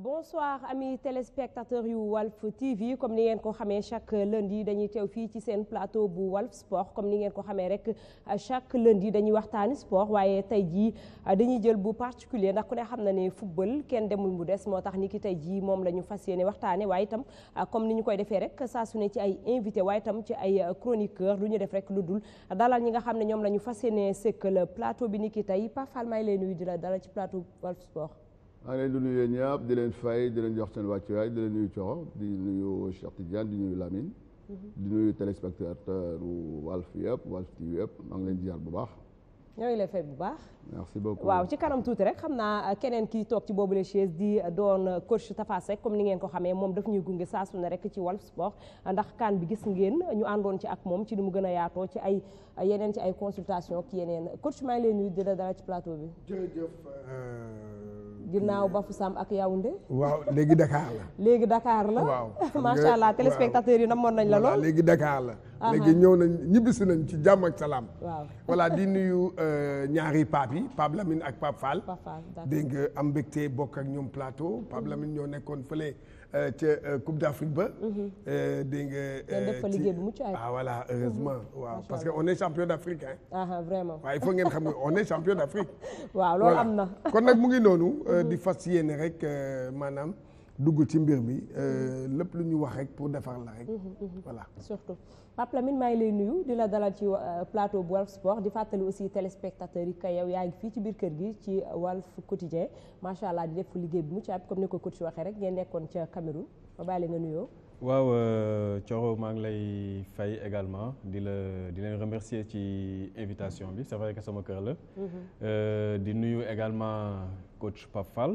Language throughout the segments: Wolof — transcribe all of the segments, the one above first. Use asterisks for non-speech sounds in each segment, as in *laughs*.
bonsoir amis téléspectateurs yu Walf TV comme ni ngeen ko xamee chaque yi dañuy teew fii ci seen plateau bu Walf Sport comme ni ngeen ko xamee rek chaque lundi dañuy waxtaani sport waaye tey jii dañuy jël bu particulier ndax ku ne xam na ne football kenn demul mu des moo tax ni ki tey jii moom la ñu fas yéene waxtaane waaye itam comme ni ñu koy defee rek saa su ne ci ay invité waaye itam ci ay chroniqueur lu ñu def rek lu dul dalal ñi nga xam ne ñoom la ñu fas yéene sëkkal plateau bi ni ki tey Pape Fall maa ngi lay nuyu di ci plateau Walf Sport maa ngi leen di nuyu ñëpp di leen fay di leen jox seen wàccuwaay di leen nuyu Coro di nuyu Cheikh Tidiane di nuyu Lamine. di nuyu téléspectateur Walf ëpp Walf TV yëpp maa ngi leen di ziar bu baax. ñooy la fay bu baax. merci beaucoup waaw ci kanam tuuti rek xam naa keneen kii toog ci boobu la chaise di doon coach Tafa Seck comme ni ngeen ko xamee moom daf ñuy gunge saa su ne rek ci Walf Sport ndax kaan bi gis ngeen ñu àndoon ci ak moom ci li mu gën a yaatoo ci ay yeneen ay consultation ak yeneen coach maa ngi leen nuyu di la dara ci plateau ginnaaw Bafou Samb ak Yaoundé. waaw léegi Dakar la. léegi dakaar la waaw. *laughs* macha allah téléspectateurs yi namoon nañ la lool. léegi Dakar la. léegi ñëw nañ ñibbisi nañ ci jàmm ak salaam. waaw voilà di *laughs* nuyu euh, ñaari pape yi Pape Lamine ak Pape Fall. Pape Fall dégg nga am mbégte bokk ak ñoom plateau Pape Lamine ñoo nekkoon fële. Euh, ca euh, Coupe d'Afrique ba. Mhm. Euh, dégg nga. def fa liggéey bu mucc ah voilà heureusement. Mhm. waaw parce que on est champion d'Afrique hein. Ah, ah vraiment waaw il faut ngeen xam ne on est champion d'Afrique. *laughs* waaw loolu am na. kon nag mu ngi noonu. Mhm. di fas yéene rek maanaam. dugg ci mbir mi mm-hmm. euh, lépp lu ñu wax rek pour defar la rek. Mm-hmm, mm-hmm. voilà surtout Pape Lamine maa ngi lay nuyu di la dalal ci euh, plateau bu Walf Sport di fàttali aussi téléspectateurs yi que yow yaa ngi fii ci biir kër gi ci Walf Quotidien macha allah di def liggéey bu mucc ayib comme ni ko coach waxee rek ngeen nekkoon ca Cameroun ma bàyyi nga nuyoo. waaw euh, Thioro maa ngi lay fay également di la di leen remercier ci invitation bi c'est vrai que sama kër la. di nuyu également coach Pape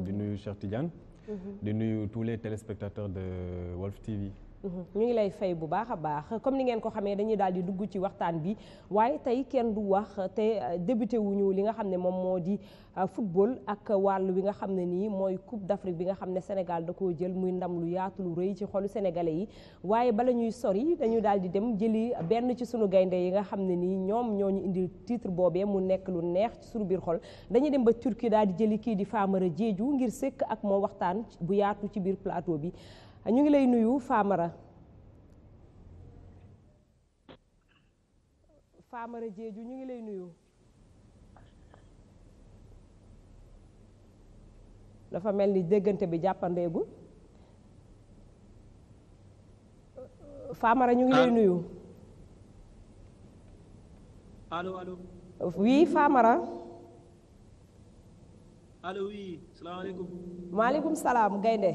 di nuyu Cheikh Tidiane. di nuyu tous les téléspectateurs de Walf TV Mhm. ñu ngi lay fay bu baax a baax comme ni ngeen ko xamee dañuy daal di dugg ci waxtaan bi waaye tey kenn du wax te euh, débuté ñëw li nga xam ne moom moo di euh, football ak wàll wi nga xam ne nii mooy Coupe d'Afrique bi nga xam ne Sénégal da koo jël muy ndam lu yaatu lu rëy ci xolu sénégalais yi waaye bala ñuy sori dañu daal di dem jëli benn ci sunu gaynde yi nga xam ne nii ñoom ñoo ñu indil titre boobee mu nekk lu neex ci sunu biir xol dañuy dem ba Turquie daal di jëli kii di Famara Diédhiou ngir sëkk ak moo waxtaan bu yaatu ci biir plateau bi ñu ngi lay nuyu faamara Famara jeeju ñu ngi lay nuyu dafa mel ni déggante bi jàppandeegul Famara ñu ngi lay nuyu allo faamara oui Famara allo oui salaamaaleykum maaleykum salaam gaynde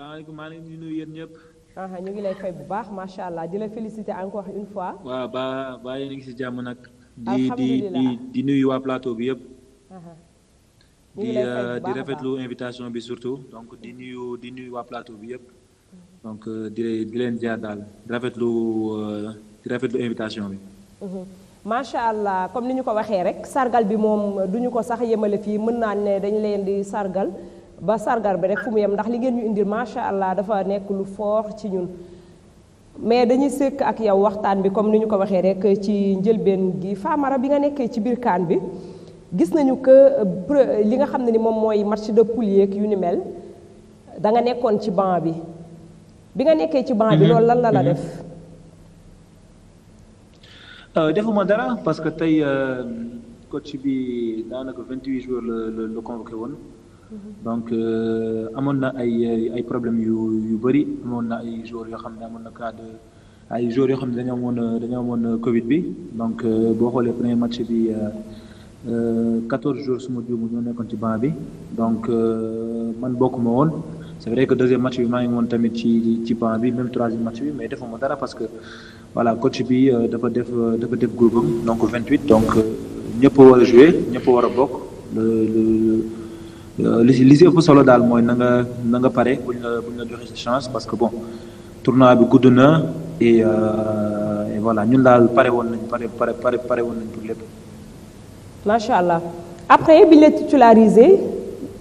salaamaaleykum maa ngi nuyu yéen ñëpp. Ah, ñu ngi lay fay bu baax macha allah di la féliciter encore une fois. waaw ba ba yéen a ngi si jàmm nag. di di di nuyu waa plateau bi yëpp. di euh, di rafetlu invitation bi surtout donc di nuyu di nuyu waa plateau bi yëpp. donc euh, di di leen jaar daal di rafetlu euh, di rafetlu invitation bi. Mhm. macha allah comme ni ñu ko waxee rek sargal bi moom duñu ko sax yemale fii mën naa ne dañ leen di sargal. ba sargar bi rek fu mu yem ndax li ngeen ñu indil macha allah dafa nekk lu fort ci ñun mais dañuy sëkk ak yow waxtaan bi comme ni ñu ko waxee rek ci njëlbeen gi faamara bi nga nekkee ci biir kaan bi gis nañu que li nga xam ne ni moom mooy match de poule yeeg yu ni mel da nga nekkoon ci banc bi bi nga nekkee ci banc bi mhm. loolu lan la la mhm. def euh, defuma dara parce que tey euh, coach bi daanaka 28 jours la woon donc euh, amoon na ay ay problème yu yu bëri amoon na ay joueurs yoo xam ne amoon na cas de ay joueurs yoo xam ne dañoo amoon dañoo amoon Covid bi donc euh, boo xoolee premier match bi euh, quatorze jours suma juumu ñoo nekkoon ci banc bi donc man bokkuma woon c'est vrai que deuxième match maa ngi woon tamit ci ci banc bi même troisième match bi may defuma dara parce que voilà coach bi dafa def dafa def groupe am donc vingt huit donc ñëpp war a jouer ñëpp war a bokk Euh, li si li ëpp solo daal mooy nanga nanga na nga pare buñ la buñ la joxe sa chance parce que bon tournoi bi gudd na et euh, et voilà ñun daal pare woon nañ pare pare pare pare woon nañ pour lépp. macha allah après bi ñu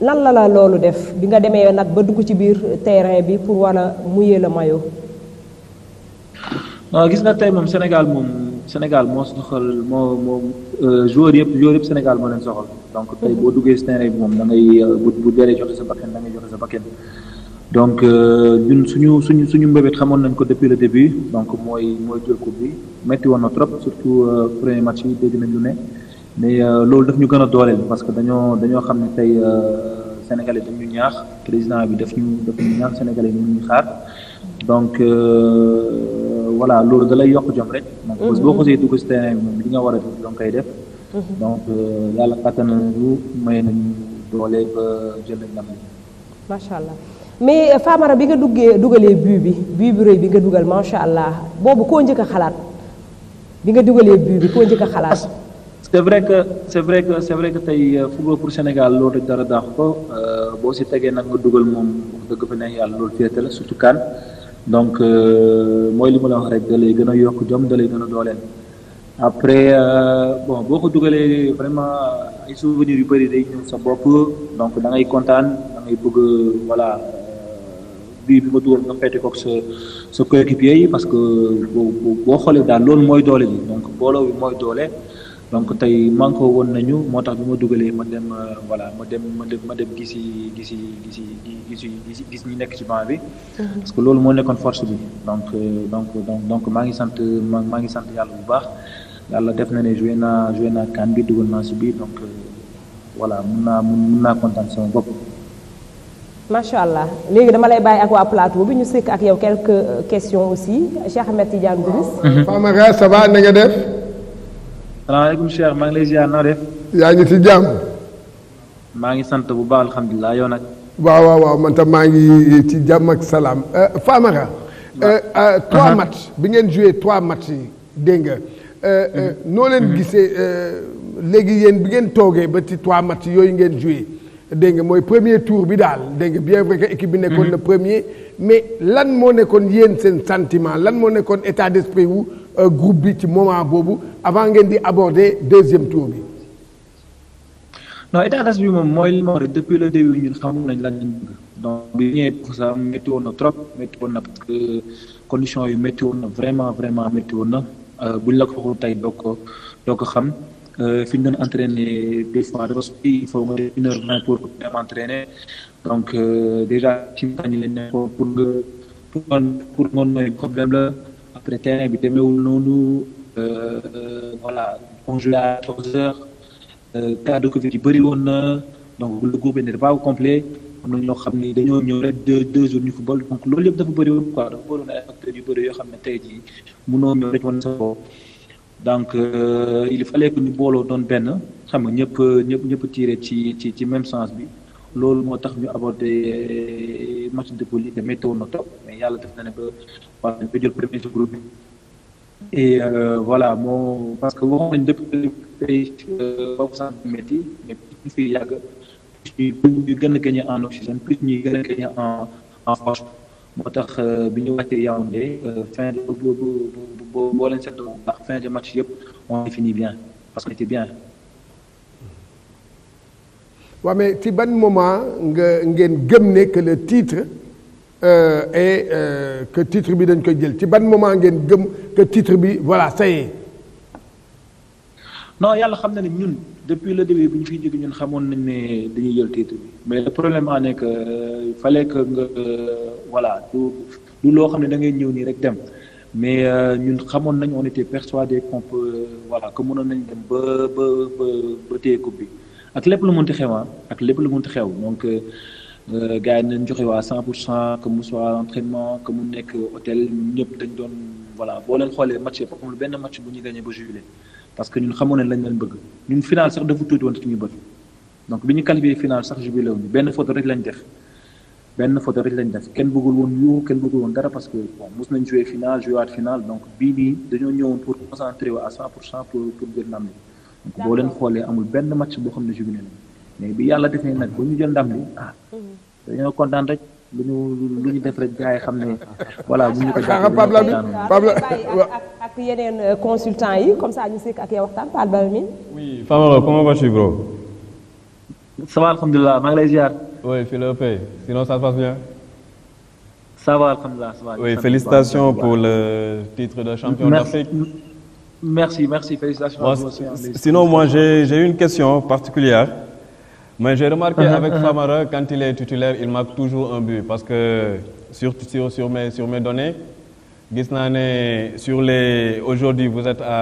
lan la la loolu def bi nga demee nag ba dugg ci biir terrain bi pour war a la le maillot. gis nga tey moom Sénégal moom. Sénégal moo soxal moo moo euh, joueur yëpp joueur yëpp Sénégal moo leen soxal donc tey boo duggee si bi moom da ngay euh, bu bu deeree joxe sa bakkan da ngay joxe sa bakkan donc euh, ñun suñu suñu suñu mbébét xamoon nañ ko depuis le début donc mooy mooy jël bi metti woon na trop surtout premier match yi dégg nañ lu ne mais loolu daf ñu gën a dooleel parce que dañoo dañoo xam ne tey Sénégalais dañu ñaax président bi daf ñu daf ñu ñaax Sénégalais ñu ñuy xaar. donc euh, voilà loolu da lay yokk jom rek. Mhm. donc boo xosee dugg si terrain bi moom li nga war a def danga koy def. Mhm. donc euh, yàlla kattan nañu may nañu doole ba jël nañ la allah mais euh, Famara bi nga duggee dugalee but bi bii bu rëy bi nga dugal macha allah boobu koo njëkk xalaat bi nga dugalee but bi koo njëkk a xalaat. c'est vrai que c'est vrai que c'est vrai que tey football pour Sénégal loolu rek dara daax ko boo si tegee nag nga dugal moom wax dëgg fa ne yàlla loolu féete la surtout kan donc euh, mooy li ma la gën a yokk jom da lay gën a dooleel après euh, bon boo ko dugalee vraiment ay souvenirs yu bëri day sa bopp donc da ngay kontaan da ngay bëgg voilà euh, bii bi ma dugal nga feete kook sa sa coéquipier yi parce que boo boo xoolee daal loolu mooy doole bi donc booloo bi mooy doole donc tey manqué woon nañu moo tax bi ma dugalee ma dem euh, voilà ma dem ma dem ma dem gisi gisi gisi gisi gisi gis ñi nekk ci banc bi. Mhm. parce que loolu moo nekkoon force bi donc euh, donc donc donc maa ngi sant maa ngi sant yàlla bu baax yàlla def na ne joué naa joué naa kan bi dugal naa si bi donc euh, voilà mun naa mun naa kontaan sama bopp. macha léegi dama lay bàyyi ak waa plateau bi ñu sëkk ak yow quelques questions aussi Cheikh Ahmed Tidiane Gomis. Mhm. Fama ça va na nga def. salaamaaleykum Cheikh maa ngi lay ziar noo de yaa ngi ci jàmm. maa ngi sant bu baax alhamdulilah yoo nag. waaw waaw waaw man tam maa ngi ci jàmm ak salaam euh, faamara euh, trois uh-huh. matchs bi ngeen joué trois matchs yi dégg nga. Euh, mm-hmm. noo leen mm-hmm. gisee léegi yéen bi ngeen toogee ba ci trois matchs yooyu ngeen joué dégg nga mooy premier tour bi daal dégg nga bien vrai que équipe bi nekkoon na mm-hmm. premier. mais lan moo nekkoon yéen seen sentiment lan moo nekkoon état d'esprit wu groupe bi ci moment boobu avant ngeen di aborder deuxième tour bi. non état d'esprit bi moom mooy li ma wax rek depuis le début nañ lan lañ bëgg donc bi na trop métti na parce yi métti na vraiment vraiment métti na euh, buñ la ko waxul tey doo ko doo ko xam euh, fi ñu doon entraîner des fois dafa il pour dem entraîner donc euh, déjà ci ñu pour nga problème la. terrain bi demewul noonu voilà congelé à 14 heures cas euh, de Covid yi bëri woon na donc le groupe n'était pas au complet am na ñoo xam ni dañoo ñëw rek deux deux jours ñu football donc loolu yëpp dafa bëri woon quoi dafa bëri woon ay facteurs yu bëri yoo xam ne tey jii mënoo ñëw rek wan sa bopp donc euh, il fallait que ñu booloo doon benn xam nga ñëpp ñëpp ñëpp tiré ci ci ci même sens bi loolu moo tax ñu abordé euh, match de poule yi te météo topp mais yàlla def Euh, voilà dañ koy parce que waxoon nañ depuis tey boobu sant ñu gën a gagné en oxygène moo tax euh, bi ñu wàccee Yaoundé euh, fin de boo boo boo leen seetloo fin de match yëpp on finit bien parce que on bien. waaw mais ci ban moment nga ngeen gëm ne que le Euh, et euh, que titre bi dañ koy jël ci ban moment ngeen gëm que titre bi voilà ça y non yàlla xam na ne ñun depuis le début bi ñu fiy jóge ñun xamoon nañ ne dañuy jël titre bi mais le problème en est que euh, fallait voilà du loo xam ne da ngay ñëw nii rek dem mais ñun xamoon nañ on était persuadé qu'on peut voilà mënoon nañ dem ba ba ba ba coupe bi ak lépp lu mënti xewaan ah, ak lépp lu mun ti xew donc. Euh, gars yi nañ joxe waa 100 pour cent que mu soit entraînement que mu nekk hôtel ñëpp dañ doon voilà boo leen xoolee match yëpp amul benn bu ñu gagné ba juillet parce que ñun xamoon nañ leen ñu bët donc bi ñu qualifié final sax jubilé wuñu benn photo rek lañ def benn photo kenn bëggul woon kenn bëggul woon dara parce que bon mos nañ joué final joué waat final donc bii nii dañoo ñëwoon boo leen xoolee amul benn match boo xam ne jubilé lañ mais bi yàlla defee nag ba ñu jël ndam li ah mm-hmm. dañoo kontaan rek lu ñu lu ñu def rek gars yi xam ne *laughs* voilà bu ñu ko jàppee Pape Lamine Pape Lamine ak yeneen euh, consultant yi comme ça ñu sekk ak yow waxtaan Pape Lamine. oui Famara comment vas-tu bro. ça va alhamdulilah maa ngi lay ziar. oui fii la paye sinon ça se passe bien. ça va alhamdulilah ça va. oui félicitations pour le titre de champion d'Afrique. merci merci félicitations. sinon moi j'ai j'ai une question particulière. Mais j'ai remarqué uh -huh, avec uh -huh. Famara, quand il est titulaire, il marque toujours un but parce que sur, sur, sur mes, sur mes sur les aujourd'hui vous êtes à,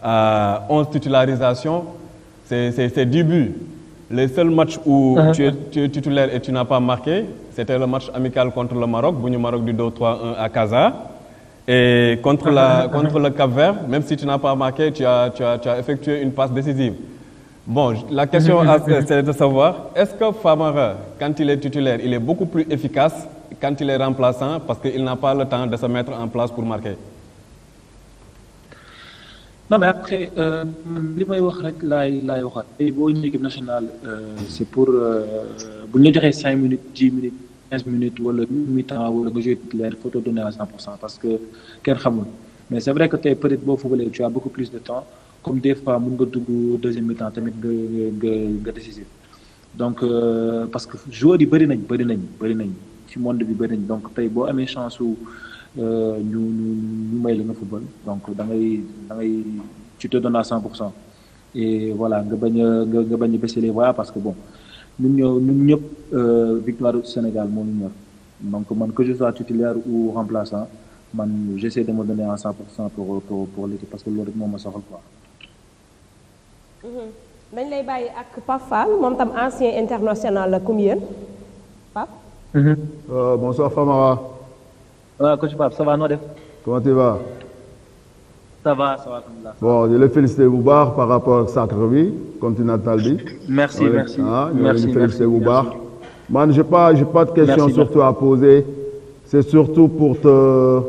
à 11 titularisations, c'est 10 buts. Le seul match où uh -huh. tu, es, tu, es, titulaire et tu n'as pas marqué, c'était le match amical contre le Maroc, Bougnou Maroc du 2-3-1 à Casa. Et contre, uh-huh, la, uh-huh. contre le Cap-Vert, même si tu n'as pas marqué, tu as effectué une passe décisive. Bon, la question c'est de savoir, est-ce que Famara, quand il est titulaire, il est beaucoup plus efficace quand il est remplaçant parce qu'il n'a pas le temps de se mettre en place pour marquer Non, mais après, euh, euh c'est pour... Vous euh, 5 minutes, 10 minutes, 15 minutes, ou le wala temps ou le jeu titulaire, il faut à parce que... mais c' est vrai que tey peut être boo fubalee tu as beaucoup plus de temps comme des fois mun nga dugg deuxième mi-temps tamit nga nga nga décisif donc euh, parce que joueurs yi bëri nañ bëri nañ bëri nañ ci monde bi bëri nañ donc tey boo amee chance su euh, ñu ñu ñu may la nga football donc da ngay da ngay tu te donnes à 100 pour cent et voilà nga bañ a nga bañ a baisser les parce que bon ñun ñoo ñun ñëpp euh, victoire du Sénégal moo ñu ñor donc man que je sois titulaire ou remplaçant. man j'essaie de me donner à 100 pour cent pour pour pour l'équipe parce que loolu rek moo ma soxal quoi. Mhm. dañ lay bàyyi ak Pape Fall moom tam ancien international la comme yéen Pape. Mhm. Euh, bonsoir Famara. waaw coach Pape ça va noo def. comment tu vas. ça va ça va alhamdulilah. bon je le félicité bu baax par rapport ak sacre bi continental bi. merci merci ah ñu ngi félicité bu baax. man j'ai pas j'ai pas de question surtout à poser c'est surtout pour te.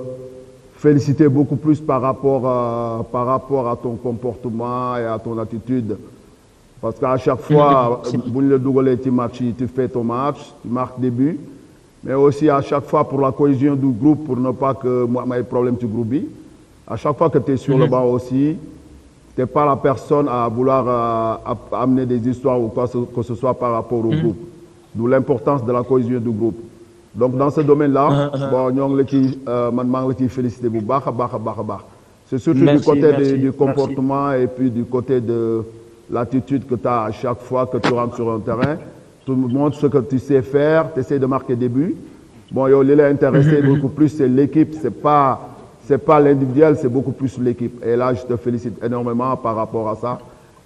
féliciter beaucoup plus par rapport, à, par rapport à ton comportement et à ton attitude. Parce qu'à chaque fois, tu fais ton match, tu marques des buts. Mais aussi à chaque fois pour la cohésion du groupe, pour ne pas que moi, mes problèmes du groupe. À chaque fois que tu es sur le mm-hmm. banc aussi, tu n'es pas la personne à vouloir à, euh, à amener des histoires ou que ce soit par rapport au mm -hmm. groupe. D'où l'importance de la cohésion du groupe. donc dans ce domaine-là ah, ah. bon ñoo ngi la ciy euh, man maa ngi la ciy félicité bu baax a baax a baax a baax c'est surtout merci, du côté du comportement merci. et du côté de l'attitude que tu as à chaque fois que tu rentres sur un terrain tu montres ce que tu sais faire tu de marquer des bon yow li la intéressé *laughs* beaucoup plus c'est l'équipe c'est pas c'est pas l'individuel c'est beaucoup plus l'équipe et là je te félicite énormément par rapport à ça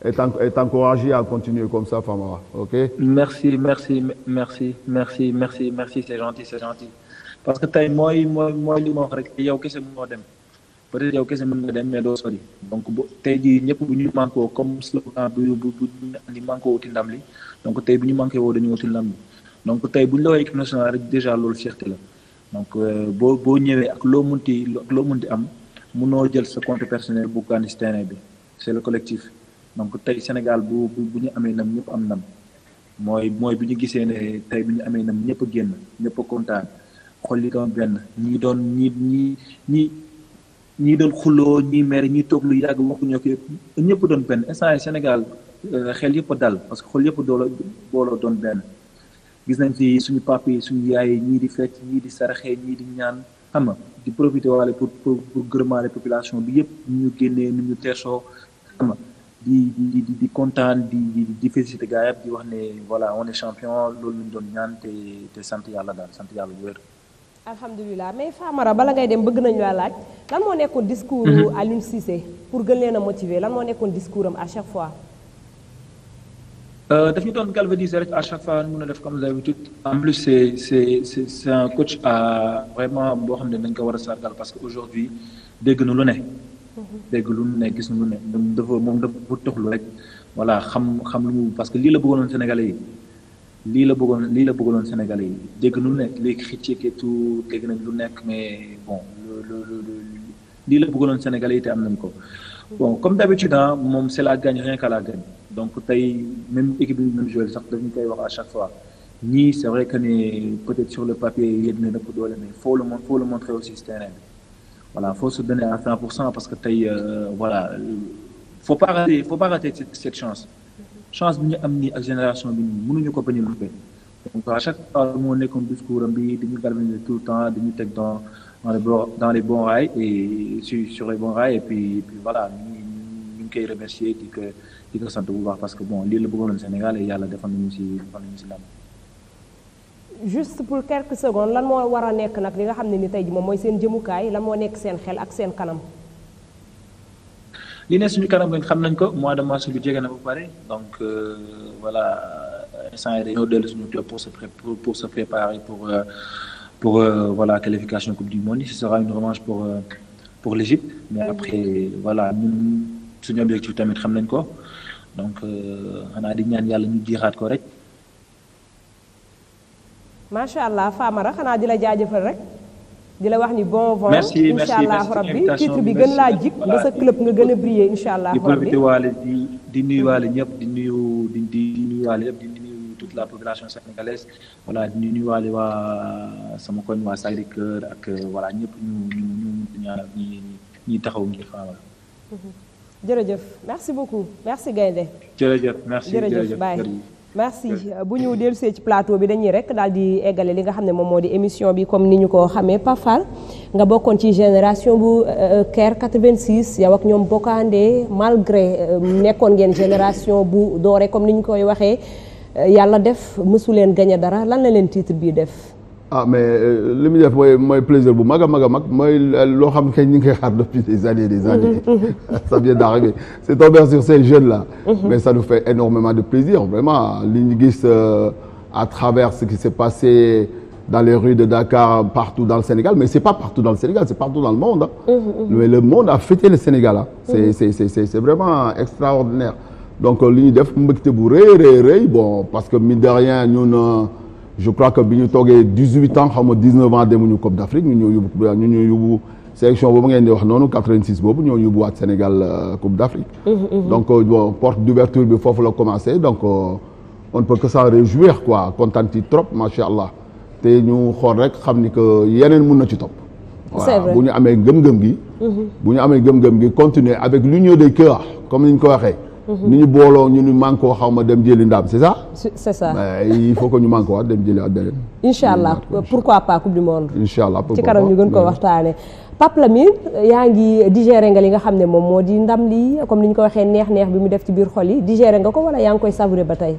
est, encouragé a continuer comme ça, Famara. OK Merci, merci, merci, merci, merci, merci, c'est gentil, c'est gentil. Parce que tey mooy moy moy li mo wax rek yow kesse mo dem. Peut-être yow kesse mën nga dem mais do sori. Donc tay ji ñepp bu ñu manko comme slogan bu bu li manko wuti ndam li. Donc tey bu ñu manké woo dañu wuti ndam li. Donc tay bu ñu la wé équipe nationale rek déjà loolu fierté la. Donc euh, bo bo ñëwé ak lo mënti ak lo mënti am mëno jël sa compte personnel bu gagner terrain bi. seen le collectif. donc tey Sénégal bu bu ñu amee nam ñëpp am nam mooy mooy bi ñu gisee ne tey bi ñu amee nam ñëpp a génn ñëpp a kontaan xol yi doon benn ñi doon ñi ñi ñi ñi doon xuloo ñi mer ñi toog yàgg waxuñoo ko ñëpp doon benn instant Sénégal euh, xel yëpp a parce que xol yëpp doolo booloo doon benn gis nañ fi suñu papa yi suñu yaay yi ñii di fecc ñii di saraxee ñii di ñaan xam di profité waale pour pour pour gërëmaale population bi yëpp ñu génnee nu ñu teesoo xam di di di di kontaan di di di félicité gars di wax ne voilà on est champion loolu lañ doon ñaan te sant yàlla daal sant yàlla bu wér. alhamdulilah mais Famara bala ngay dem bëgg nañu laa laaj lan moo nekkoon discours. Mhm. Aliou Cissé pour gën leen a motiver lan moo nekkoon discours am à chaque fois. Euh, daf ñu doon galvaniser rek à chaque fois mun a def comme d'habitude en plus c'est c'est c'est c'est un coach à vraiment boo xam ne dañ ko war a sargal parce que aujourd'hui dégg na ne. dégg lu ne gis lu ne dafa moom dafa toxlu rek voilà xam xam lu mu parce que lii la bëggoon Sénégalais yi lii la bëggoon lii la bëggoon Sénégalais yi dégg lu nekk léegi xëcc et tout dégg lu nekk mais bon lii la bëggoon Sénégalais yi te am nañ ko. bon comme d'habitude ah moom c'est la gagne rien qu'à la gagne donc tey même équipe bi même joueur sax dañu koy wax à chaque fois ñii c'est vrai que ne peut-être sur le papier yéen na dëpp doole mais faut le faut le montrer aussi terrain bi voilà faut se donner à 100% parce que tey euh, voilà faut pas rater faut pas rater cette chance chance bi ñu am nii ak génération bi nii mënuñu ko bañ a loupé donc à chaque fois moo nekkoon discours am bi dañu galvaniser tout le temps dañu teg dans dans les bons sur sur les bons rails puis voilà ñu ñu ngi koy remercier di ko di ko sant bu baax parce que bon lii la bëggoon Sénégal et yàlla defal nañu si defal nañu si ndam juste pour quelques secondes lan moo war a nekk nag li nga xam ne ni tey ji moom mooy seen jëmukaay lan moo nekk seen xel ak seen kanam. li ne suñu kanam xam nañ ko mois de mars bi jege na ba donc euh, voilà instant yii dellu suñu club pour se pour se préparer pour euh, pour euh, voilà qualification coupe du monde ce sera une revanche pour pour l'Égypte mais après voilà ñun suñu objectif tamit xam nañ ko donc xanaa di ñaan yàlla ñu jiixaat ko rek. macha allah faamara xanaa di la jaajëfal rek di la wax ni bon vent incha allah rabbi titre bi gën laa jik ba club nga gën a briller incha allah rabbi di profité waalo di di nuyuwaale ñëpp di nuyu di di di nuyu toute la population sénégalaise voilà di nuyuwaale waa sama koñ waa sacré ak euh, voilà ñëpp ñu ñu ñu ñaanal ñi ñi taxaw ngir Famara mhm. jërëjëf merci beaucoup merci Gaynde jërëjëf merci merci bu ñu dellusee ci plateau bi dañuy rek daal di eggale li nga xam ne moom moo di émission bi comme ni ñu ko xamee Pafal nga bokkoon ci génération bu Caire euh, 86 yow ak ñoom bokkaande malgré euh, nekkoon ngeen génération bu dooree comme ni ñu koy waxee euh, yàlla def mësu leen gañe dara lan la leen tiitre bii def. ah mais euh, li mu def mooy plaisir bu mag a a mag mooy euh, loo xam ne depuis des années des années mm-hmm, mm-hmm. *laughs* ça vient d'arriver c'est tombé sur ces jeunes là mm-hmm. mais ça nous fait énormément de plaisir vraiment li ñu euh, à travers ce qui s'est passé dans de Dakar partout dans le Sénégal mais c'est pas partout dans le Sénégal c'est monde mais le monde a fêté le Sénégal c'est vraiment extraordinaire donc li ñu def mbégte bu rëy rëy rëy je crois que bi ñu toogee dix huit ans xam nga dix neuf ans demuñu Coupe d' ñu ñëw yóbbu ñu ñëw yóbbu sélection boobu ngeen di wax noonu 86 boobu ñoo yóbbuwaat Sénégal euh, Coupe d' Afrique. Mmh, mmh. donc euh, bon porte douverture bi foofu la commencé donc euh, on ne peut que s'en réjouir quoi kontaan ci trop macha allah te ñu xool rek xam ni que yeneen mun na ci topp. voilà bu ñu amee gëm-gëm gi. Mmh. bu ñu amee gëm-gëm gi continuer avec l'union des cœurs comme ni ñu ko waxee. Mhm. ni ñu booloo ñu ni mànkoo xaw ma dem jëli ndam c' est ça. c' est ça il faut que ñu mànkoo waat dem jëli at beneen. incha allah pourquoi pas coupe du monde. incha allah ci kanam ñu gën ko waxtaanee. Pape Lamine yaa ngi digéré nga li nga xam ne moom moo di ndam lii comme ni ñu ko waxee neex-neex bi mu def ci biir xol yi digéré nga ko wala yaa ngi koy savouré ba tey.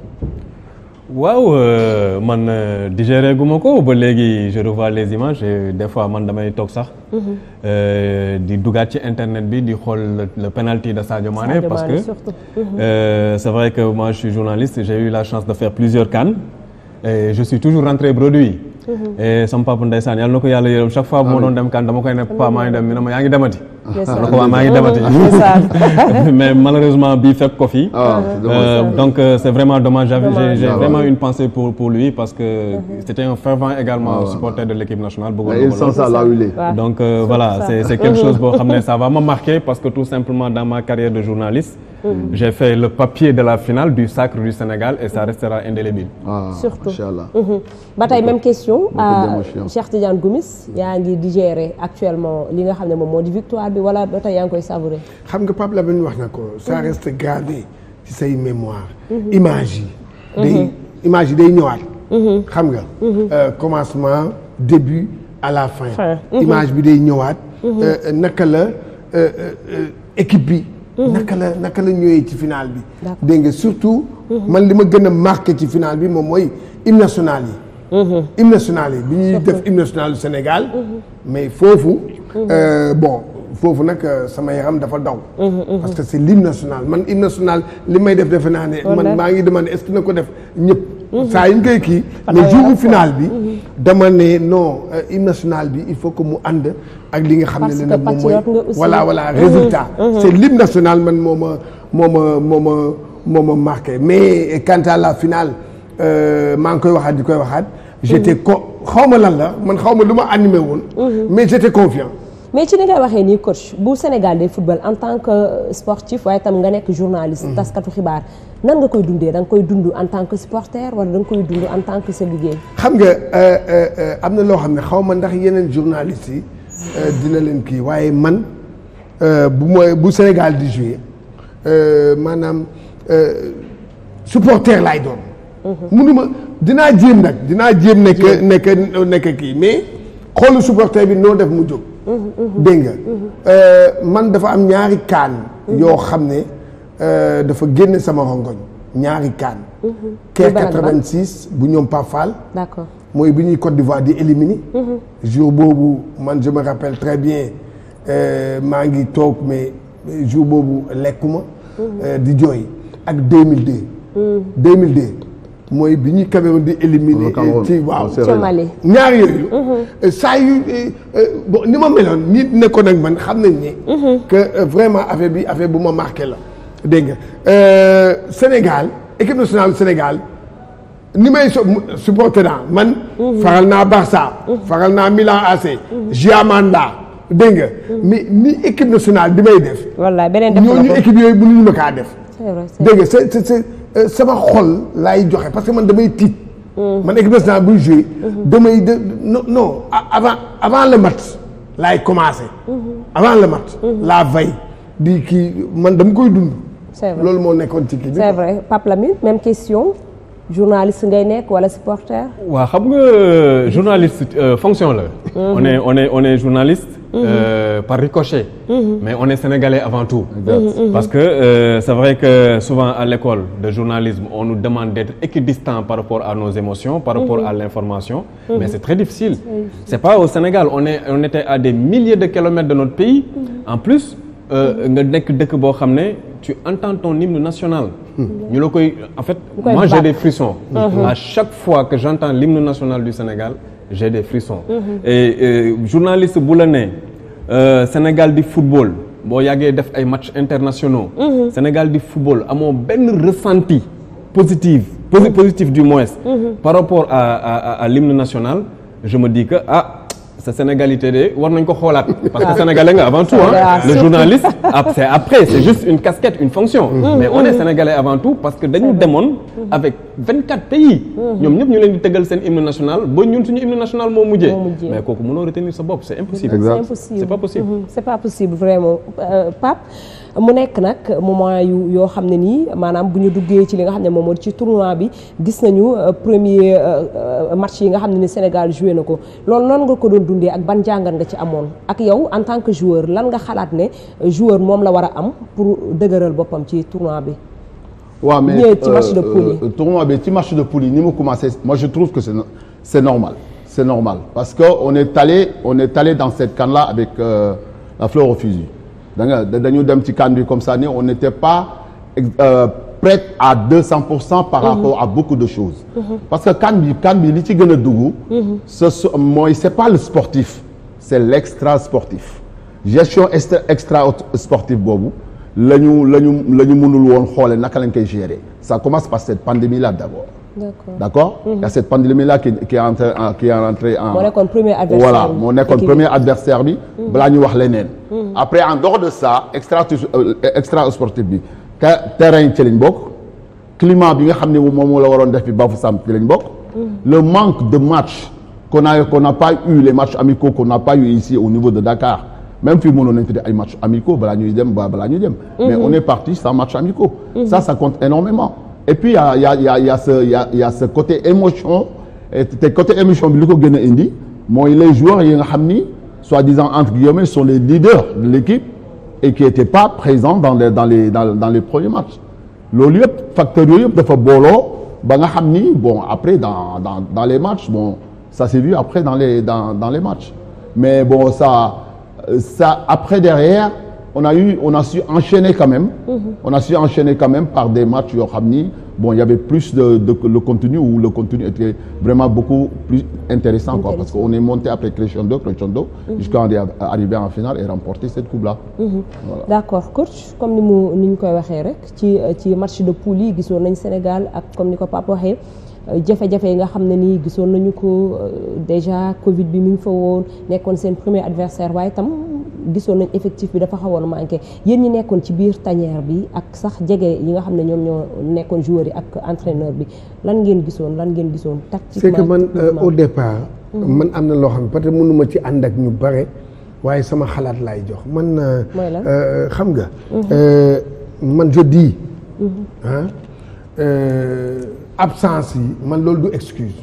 waaw euh, man euh, digéré gu ma ko ba léegi je revois les images et des fois man damay toog sax. Mhm. Euh, di dugaat ci internet bi di xool la penalty de Sadio Mané. parce que mhm. euh, c'est vrai que moi je suis journaliste j'ai eu la chance de faire plusieurs CAN et je suis toujours rentré bredouille. Mhm. et sama papa ndeysaan yàlla na ko yàlla yërëm chaque fois bu ma dem CAN dama koy ne papa maa ngi dem mi ne ma yaa na ko waa maa ngi demati *laughs* mais malheureusement bii fekk ko fi ah, euh, donc euh, c'est vraiment dommage j'ai ah, vraiment une pensée pour pour lui parce que mm-hmm. c'était un fervent également ah, supporter de l'équipe nationale bëggoon na ko lool donc euh, voilà c'est c'est quelque mm-hmm. chose boo xam ne ça va me marquer parce que tout simplement dans ma carrière de journaliste Mm. j'ai fait le papier de la finale du sacre du Sénégal et ça mm. restera indélébile. Ah, surtout macha allah. Mm-hmm. ba tey même question. Euh, Cheikh Tidiane Gomis yaa ngi digérer actuellement li nga xam ne moom moo di victoire bi wala ba tey yaa ngi koy savourer. xam nga Pape Lamine wax na ko. ça mm-hmm. reste gravé ci say mémoire. Mm-hmm. image yi. day image yi day ñëwaat. xam nga. Euh, commencement début à la fin. image bi day ñëwaat. Euh, naka la équipe bi. Mm-hmm. naka la naka la ñëwee ci final bi. dégg nga surtout. Mm-hmm. man li ma gën a marqué ci final bi moom mooy hymne yi. Mm-hmm. hymne yi bi ñuy def hymne national du Sénégal. mais foofu. Euh, bon foofu nag euh, sama yaram dafa daw. parce que c' est man hymne li may def defe naa ne. man maa ngi demandé est ce que na ko def ñëpp. Mmh. saa yi ñu koy kii mais jour final bi mmh. dama ne non euh, hymne national bi il faut que mu ànd ak li nga xam ne ne moom mooy voilà voilà mmh. résultat c'est l'hymne nationale man moo ma moo ma moo ma moo ma marqué mais quant à la finale euh, maa ngi koy waxaat di koy waxaat j'étais ko xaw ma lan la man xaw ma lu ma animé woon mais j'étais confiant mais ci ni ngay waxee nii coach bu Sénégal day football en tant que euh, sportif waaye tam nga nekk journaliste. Mm-hmm. taskatu xibaar nan nga koy dundee da koy dund en tant que supporter wala da nga koy dund en tant que sa liggéey. xam nga euh, euh, am na loo xam ne xaw ma ndax yeneen journaliste yi dina leen kii waaye man bu mooy bu Sénégal di jouer maanaam supporter laay doon. Mm-hmm. munuma dinaa jéem nag dinaa jéem nekk nekk nekk kii mais xoolu supporter bi noo def mu jóg. dégg nga euh, man dafa am ñaari kaan yoo xam ne euh, dafa génn sama rongoñ ñaari kaan mhm. kee 86 bu ñoom Pape Fall mooy bi ñuy Côte d'Ivoire di éliminer mhm. jour boobu man je me rappelle très bien euh, maa ngi toog mais jour boobu lekkuma mhm. di jooy ak mille 2002 mooy bi ñuy Cameroun di éliminer eh, ci waaw ñaar yooyu saa mhm. yu eh, eh, bon ni ma meloon nit nekkoon ak man xam nañ ne mhm. que euh, vraiment affaire bi affaire bu ma marqué la dégg nga euh, Sénégal équipe nationale Sénégal ni may supporté naa man mhm. faral naa Barça faral naa Milan AC Giamanda dégg nga mais ni équipe nationale bi may def ñooñu équipe yooyu mënuñu ma kaa def dégg nga c'est c'est Euh, sama xol laay joxe parce que man damay tiit. Mm. man équipe nationale buy joué. Mm-hmm. damay de non non avant avant le mat laay commencé. Mm-hmm. avant le match. Mm-hmm. la veille di kii man dam koy dund. c'est loolu moo nekkoon ci kii bi. c'est vrai Pape Lamine même question. journaliste ngay nekk wala supporter. waaw xam nga euh, journaliste euh, fonction la. Mm -hmm. on est journaliste. Mhm. Euh, par ricochet. Mm -hmm. mais on est sénégalais avant tout. Mhm, mhm. parce que euh, c'est vrai que souvent à l'école de journalisme on nous demande d'être équidistant par rapport à nos émotions par rapport à l'information. mais c'est très difficile. c'est pas au Sénégal on est on était à des milliers de kilomètres de notre pays. en plus euh, nga nekk dëkk boo xam ne. tu entends ton hymne national. Hmm. ñu la koy en fait. moi j'ai des frissons. Hmm. Hmm. à chaque fois que j'entends l'hymne national du Sénégal j'ai des frissons. et journaliste bu la ne euh, Sénégal di football. boo yàggee def ay matchs internationaux. Sénégal di football amoo benn ressenti positif positif du moins. par rapport à à l'hymne national je me dis que ah. sa sénégalité de war nañ ko xoolaat *laughs* parce que sénégalais nga avant tout hein le journaliste c'est après c'est juste une casquette une fonction mm, mais on est mm. sénégalais avant tout parce que dañu demoon mm. avec vingt quatre pays ñoom ñëpp ñu leen di tëggal seen national ba ñun suñu hymne national moo mujjee mais kooku mënoo retenir sa bopp c'est impossible c'est pas possible mm-hmm. c'est pas possible vraiment euh, Pape mu nekk nag moment yu yoo xam ne nii maanaam bu ñu duggee ci li nga xam ne moom moo ci tournoi bi gis nañu euh, premier euh, euh, match yi nga xam ne ni Sénégal joué na ko loolu noonu nga ko doon dundee ak ban jàngat nga ci amoon ak yow en tant que joueur lan nga xalaat ne joueur moom la war a am pour dëgëral boppam ci tournoi bi. waaw mais ci match de poule tournoi bi ci match de poule ni mu commencé moi je trouve que c'est c'est normal c'est normal parce que on est allé on est allé dans cette CAN da nga dañu dem ci CAN bi comme ça ni on n'était pas euh, à deux cent pour cent par mm -hmm. rapport à beaucoup de chose mhm. parce que CAN bi CAN bi li ci gën a dugg mhm. ce mooy c'est pas le sportif c'est l'extra sportif gestion extra, extra sportive boobu la ñu la ñu la ñu mënul woon xoole naka lañ koy gérer ça commence par cette pandémie là d'abord d'accord d'accord mhm. il y a cette pandémie là qui qui est en qui est moo nekkoon premier adversaire bi premier adversaire bi. balaa ñu wax leneen. Mm-hmm. après en dehors de ça extra euh, extra bi terrain yi ci lañ bokk climat bi nga xam ne moom moo la waroon def bi Bafoussam ci lañ bokk. Mm-hmm. le manque de match qu'on a n'a pas eu les matchs amicaux qu'on n'a pas eu ici au niveau de Dakar même fii mënoon nañu fi ay matchs amicaux balaa ñuy dem balaa ñuy dem. Mm-hmm. mais on est parti sans matchs amicaux. ça ça compte énormément et puis y a y y a y a ce y côté émotion te côté émotion bi li ko gën a indi mooy les joueurs yi nga xam ni. soi-disant entre guillemets, sont les leaders de l'équipe et qui n'étaient pas présents dans les, dans les, dans, dans les premiers matchs. loolu yëpp facteurs yooyu yëpp dafa booloo ba nga xam ni bon après dans dans dans les matchs bon ça s'est vu après dans les dans dans les matchs mais bon ça ça après derrière on a eu on a su enchaîner quand même. Mm-hmm. on a su enchaîner quand même par des matchs yoo xam ni. bon il y plus de, de le contenu où le contenu était vraiment beaucoup plus intéressant, intéressant. quoi parce qu'on est monté après crescendo crescendo mm -hmm. jusqu'à en finale et remporter cette coupe là mhm. d'accord comme ni mu ni ñu koy waxee rek ci ci match de poule yi gisoon nañ Sénégal ak comme ni ko Pape waxee jafe-jafe yi nga xam ne nii gisoon nañu ko euh, déjà Covid bi mi ngi fa nekkoon seen premier adversaire waaye tam gisoon nañ effectif bi dafa xawoon manqué yéen ñi nekkoon ci biir tanière bi ak sax jege yi nga xam ne ñoom ñoo nekkoon joueur yi ak entraîneur bi lan ngeen gisoon lan ngeen gisoon. tactiquement c'est que man euh, au départ. Mhm. man am na loo xam ne peut-être mënuma ci ànd ak ñu bare waaye sama xalaat lay jox man. Euh, xam nga. Mhm. man je dis. ah. absence yi man loolu du excuse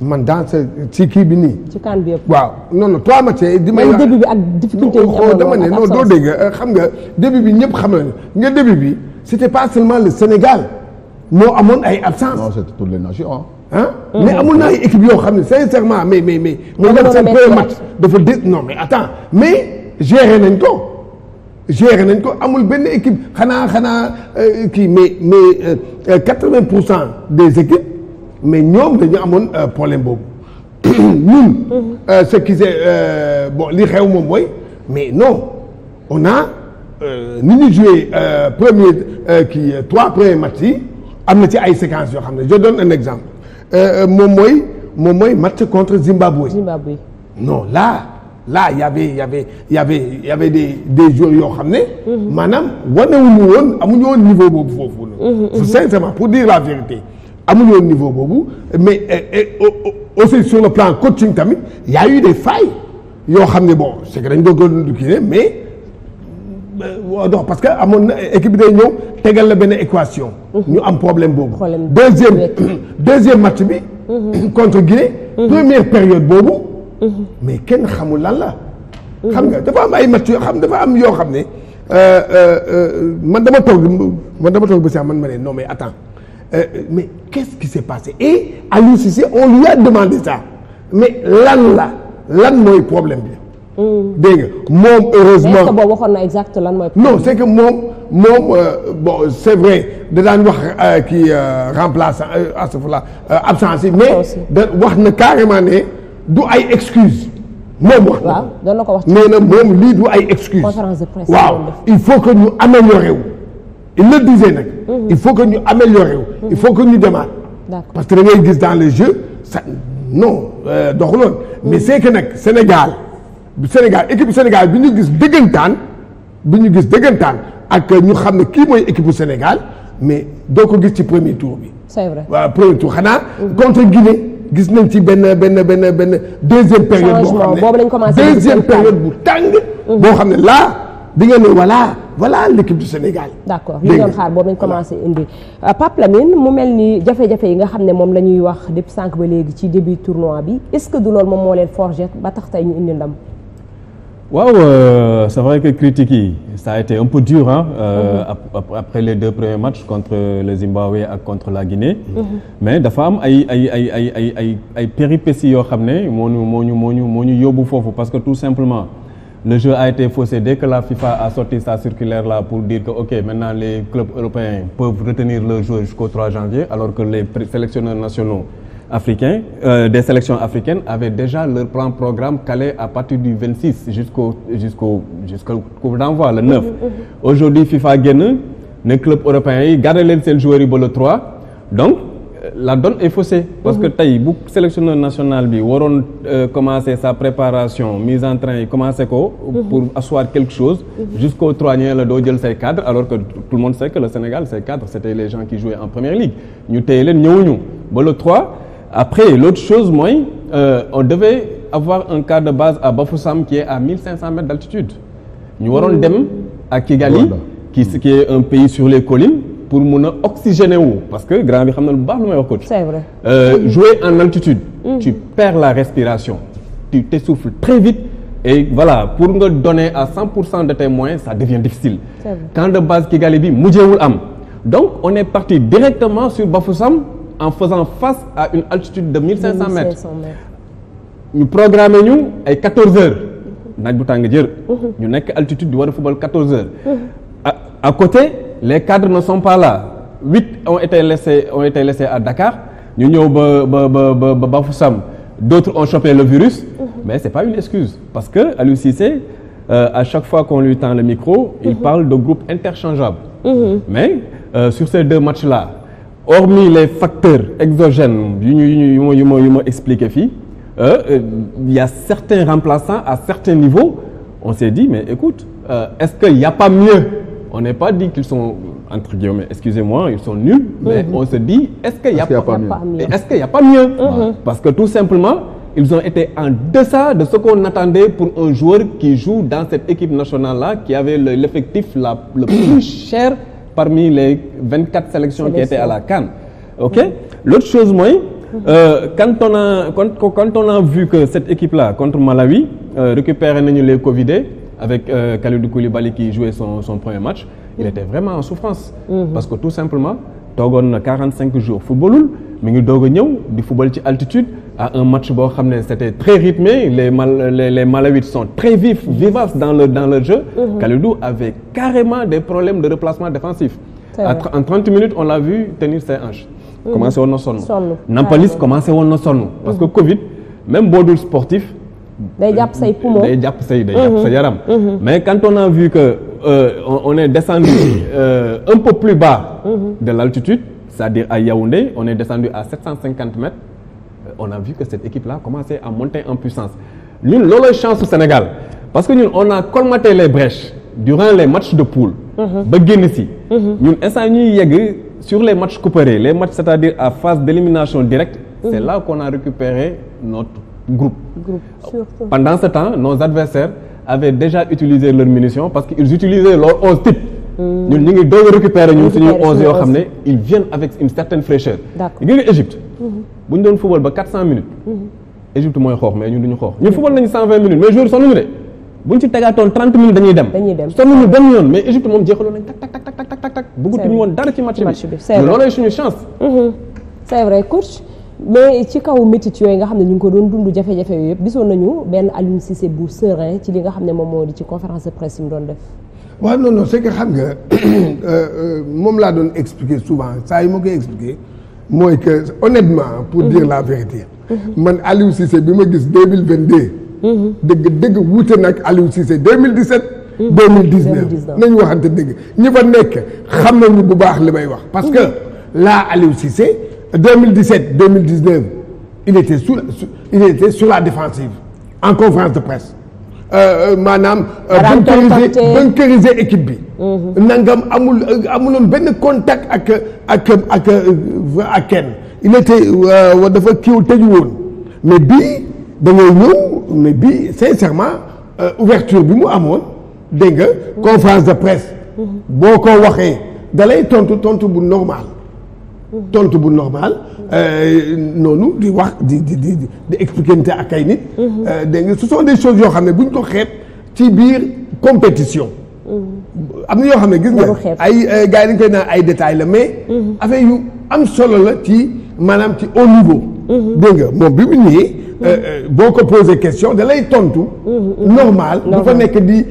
man dans ce ci kii bi nii. ci kan bi yëpp waaw non non trois matières di may wax début bi ak difficulté yi oh, dama ne non doo dégg euh, xam nga début bi ñëpp xam nañu nga début bi c' était pas seulement le Sénégal moo amoon ay absence non c' était toutes les nations ah mais mm-hmm. amoon na ay équipe yoo xam ne sincèrement mais mais mais. mu dem seen premier match dafa dé non mais attends mais géré nañ ko. géré nañ ko amul benn équipe xanaa xanaa euh, kii mais mais euh, euh, quatre-vingt pour cent des équipes mais ñoom dañu amoon problème boobu *clears throat* ñun. Mhm. ce qui c'est bon li xew moom mooy mais non on a ni ñu joué premier kii trois premiers matchs yi am na ci ay séquences yoo xam ne je donne un exemple moom mooy moom mooy match contre Zimbabwe. Zimbabwe non là. la y avait y avait de avait y avait des des jours yoo xam ne. maanaam wanewuñu woon amuñu woon niveau boobu foofu la. Mhm, mhm. sincèrement pour dire la vérité amuñu woon niveau boobu mais eh, eh, aussi sur le plan coaching tamit y a eu des failles yoo xam ne bon c'est que dañ doog a kii mais. Euh, dox parce que amoon na équipe bi day ñëw tegal la benn équation. Mhm. ñu am problème boobu. deuxième *coughs* deuxième match bi. *coughs* contre Guinée. première période boobu. mais kenn xamul lan la. Mhm. xam nga dafa am ay match yoo xam dafa am yoo xam ne euh, euh, euh, man dama toog man dama toog ba sax man ma ne non mais attends mais qu'est-ce qui s'est passé et Aliou Cissé on lui a demandé ça mais lan la lan mooy problème bi. Mhm. dégg nga moom heureusement boobu waxoon na exact lan mooy. non c'est que moom moom bon c'est vrai da daan wax kii remplaçant astafurlah absence yi mais da wax na carrément ne. du ay excuse moom wax na ko wax nee na moom lii du ay excuse conférence waaw il faut que ñu amélioré wu il le disait nag mhm. il faut que ñu amélioré wu mhm. il faut que ñu demaat parce que da ngay gis dans le jeux ça non euh, doxuloon mhm. mais c'est que nag Sénégal Sénégal équipe Sénégal bi ñu gis dëggantaan bi ñu gis dëggantaan ak ñu xam ne kii mooy équipe Sénégal mais doo ko gis ci premier tour bi premier tour xanaa contre Guinée gis nañ ci benn benn benn benn deuxième période boo xam ne deuxième période bu tàng mhm. boo xam ne laa di nga ne voilà voilà l'équipe du Sénégal. d'accord ñu doon xaar boobu lañ commencé indi euh, Pape Lamine mu mel ni jafe-jafe yi nga xam ne moom la ñuy wax depuis sànq ba léegi ci début tournoi bi est-ce que du loolu moom moo leen forger ba tax tey ñu indi ndam waaw euh, c'est vrai que critiques yi ça a été un peu dur hein euh, mm -hmm. après les deux premiers matchs contre le Zimbabwe ak contre la Guinée mhm. mais dafa am ay ay ay ay ay ay ay péripéties yoo xam ne moo ñu moo ñu moo ñu moo ñu yóbbu foofu parce que tout simplement le jeu a été faussé dès que la FIFA a sorti sa circulaire là pour dire que ok maintenant les clubs européens peuvent retenir leur joueur jusqu'au janvier alors que les sélectionneurs nationaux africains, euh, des sélections africaines avaient déjà leur plan programme calé à partir du 26 jusqu'au jusqu'au jusqu'au coup d'envoi le 9. Mhm, mhm. Aujourd'hui FIFA génn ne club européen yi garder leen seen joueurs yi ba le 3 donc euh, la donne est faussée parce que mhm. tey bu sélectionneur national bi waroon euh, commencer sa préparation mise en train yi commencer ko pour asseoir quelque chose jusqu'au trois ñee la doo jël say cadres alors que tout le monde sait que le Sénégal ses cadres c'était les gens qui jouaient en première ligue ñu après l'autre chose mooy euh, on devait avoir un cas de base à Bafoussam qui est à 1500 mètres d'altitude ñu waroon hmm. dem a Kigali voilà. qui, hmm. qui est un pays sur les collines pour mun a oxygéné wu parce que grand bi xam na lu baax lu may wax coach c'est vrai euh, hmm. jouer en altitude mmh. tu perds la respiration tu t'essouffles très vite et voilà pour nga donner à 100 pour cent de tes moyens ça devient difficile quand de base Kigali bi mujjeewul am donc on est parti directement sur Bafoussam en faisant face à une altitude de 1500 mètres ñu programmé ñu ay 14 heures naaj bu tàng jër mhm. ñu nekk altitude di war a football 14 heures mhm. à, côté les cadres ne sont pas là huit ont été laissés ont été laissés à Dakar ñu ñëw ba ba ba ba ba Bafoussam d'autres ont chopé le virus mhm. mais c'est pas une excuse parce que Aliou Cissé euh, à chaque fois qu'on lui tend le micro il parle de groupe interchangeable mais euh, sur ces deux matchs là hormis les facteurs exogènes yu ñu yu ma yu ma yu ma expliqué fii euh, euh, il y a certains remplaçants à certains niveaux on s'est dit mais écoute euh, est-ce que y a pas mieux on n'est pas dit qu'ils sont entre guillemets excusez-moi ils sont nuls mais mm -hmm. on se dit est-ce que y a est-ce pas, pas mieux est-ce que y a pas mieux mm -hmm. parce que tout simplement ils ont été en deçà de ce qu'on attendait pour un joueur qui joue dans cette équipe nationale là qui avait l'effectif la le plus *coughs* cher parmi les vingt quatre sélections qui étaient à la CAN ok l'autre mooy euh, quand on a quand, quand on a vu que cette équipe là contre Malawi euh, les Covidés avec euh, Kalidou Koulibaly qui jouait son son premier match il mm-hmm. était mm-hmm. parce que tout simplement toogoon na quarante cinq jours footballul mi ngi doog a ñëw di football ci altitude à un match boo xam ne c'était très rythmé les mal les, les Malawites sont très vifs vivaces dans le dans leur jeu. Mmh. Kalidou carrément des problèmes de replacement défensif. en 30 minutes on l'a vu tenir ses hanches. Mmh. commencé woon na sonn Nampalis commencé woon na parce que mhm. Covid même boo dul sportif. day jàpp say poumon day jàpp say day jàpp mhm. sa yaram. Mhm. mais quand on a vu que euh, on, on est descendu *coughs* euh, un peu plus bas. de l'altitude c'est-à-dire à Yaoundé on est descendu à mètres euh, on a vu que cette équipe là commençait à monter en puissance ñun loolooy chance au Sénégal parce que ñun on a colmaté les brèches durant les matchs de poule mhm. ba génn si mhm. ñun instant ñuy yegg sur les matchs couperés les matchs c'est-à-dire à phase d'élimination directe c'est mhm. là qu'on a récupéré notre groupe, pendant ce temps nos adversaires avaient déjà utilisé leurs munitions parce qu'ils utilisaient Hmm. ñun ñu ngi doog récupérer ñun suñuy onze yoo xam ne ils viennent avec une certaine fraîcheur gis hmm. bu ñu doon football ba quatre cent minutes hmm. Égypte mooy xoox mais ñun du ñu xoox ñun football nañu de bu dañuy dem sonnuñu benn yoon mais Égypte moom jeexaloon nañ tak tak tak tak tak woon dara ci match bi loolooy suñu mais ci kaw métit yooyu nga xam ne ñu ngi ko doon dund jafe-jafe yooyu yëpp gisoon nañu benn Aliou Cissé bu serein ci li nga xam ne moom moo di ci conférence de presse doon def waaw non non c'est que xam nga *coughs* euh, moom laa doon expliquer souvent saa yi ma koy expliquer mooy que honnêtement pour mhm. dire la vérité man Aliou Cissé bi ma gis deux mille vingt deux dëgg dëgg wuute nag deux mille dix sept mhm. deux mille nañu waxante dëgg ñi fa nekk xam nañu bu baax li may wax parce que mhm. la Aliou Cissé mille dix sept deux mille dix neuf il était sous il était sur la défensive en conférence de presse Euh, euh, maanaam. Euh, bunkériser bunkériser équipe bi. Mhm. nangam amul amuloon benn contact ak ak ak ak kenn il était dafa kiiw tëju woon mais bii dañoo ñëw mais bii sincèrement ouverture bi mu amoon dégg nga mhm. conférence de presse. Mhm. boo ko waxee dalay tontu tontu bu normal. tontu bu normal euh, noonu di wax di di di di expliquer ak kay nit. Euh, dégg nga ce sont des choses yoo xam ne bu buñ ko xeet ci biir compétition. Mm-hmm. am na yoo xam ne gis nga ay euh, gars yi dañ koy naan ay détails la mais. Mm-hmm. affaire yu am solo la ci maanaam ci haut niveau. Mm-hmm. dégg nga moom bi mu ñëwee. boo ko posé question dalay tontu. normal bu fa nekk di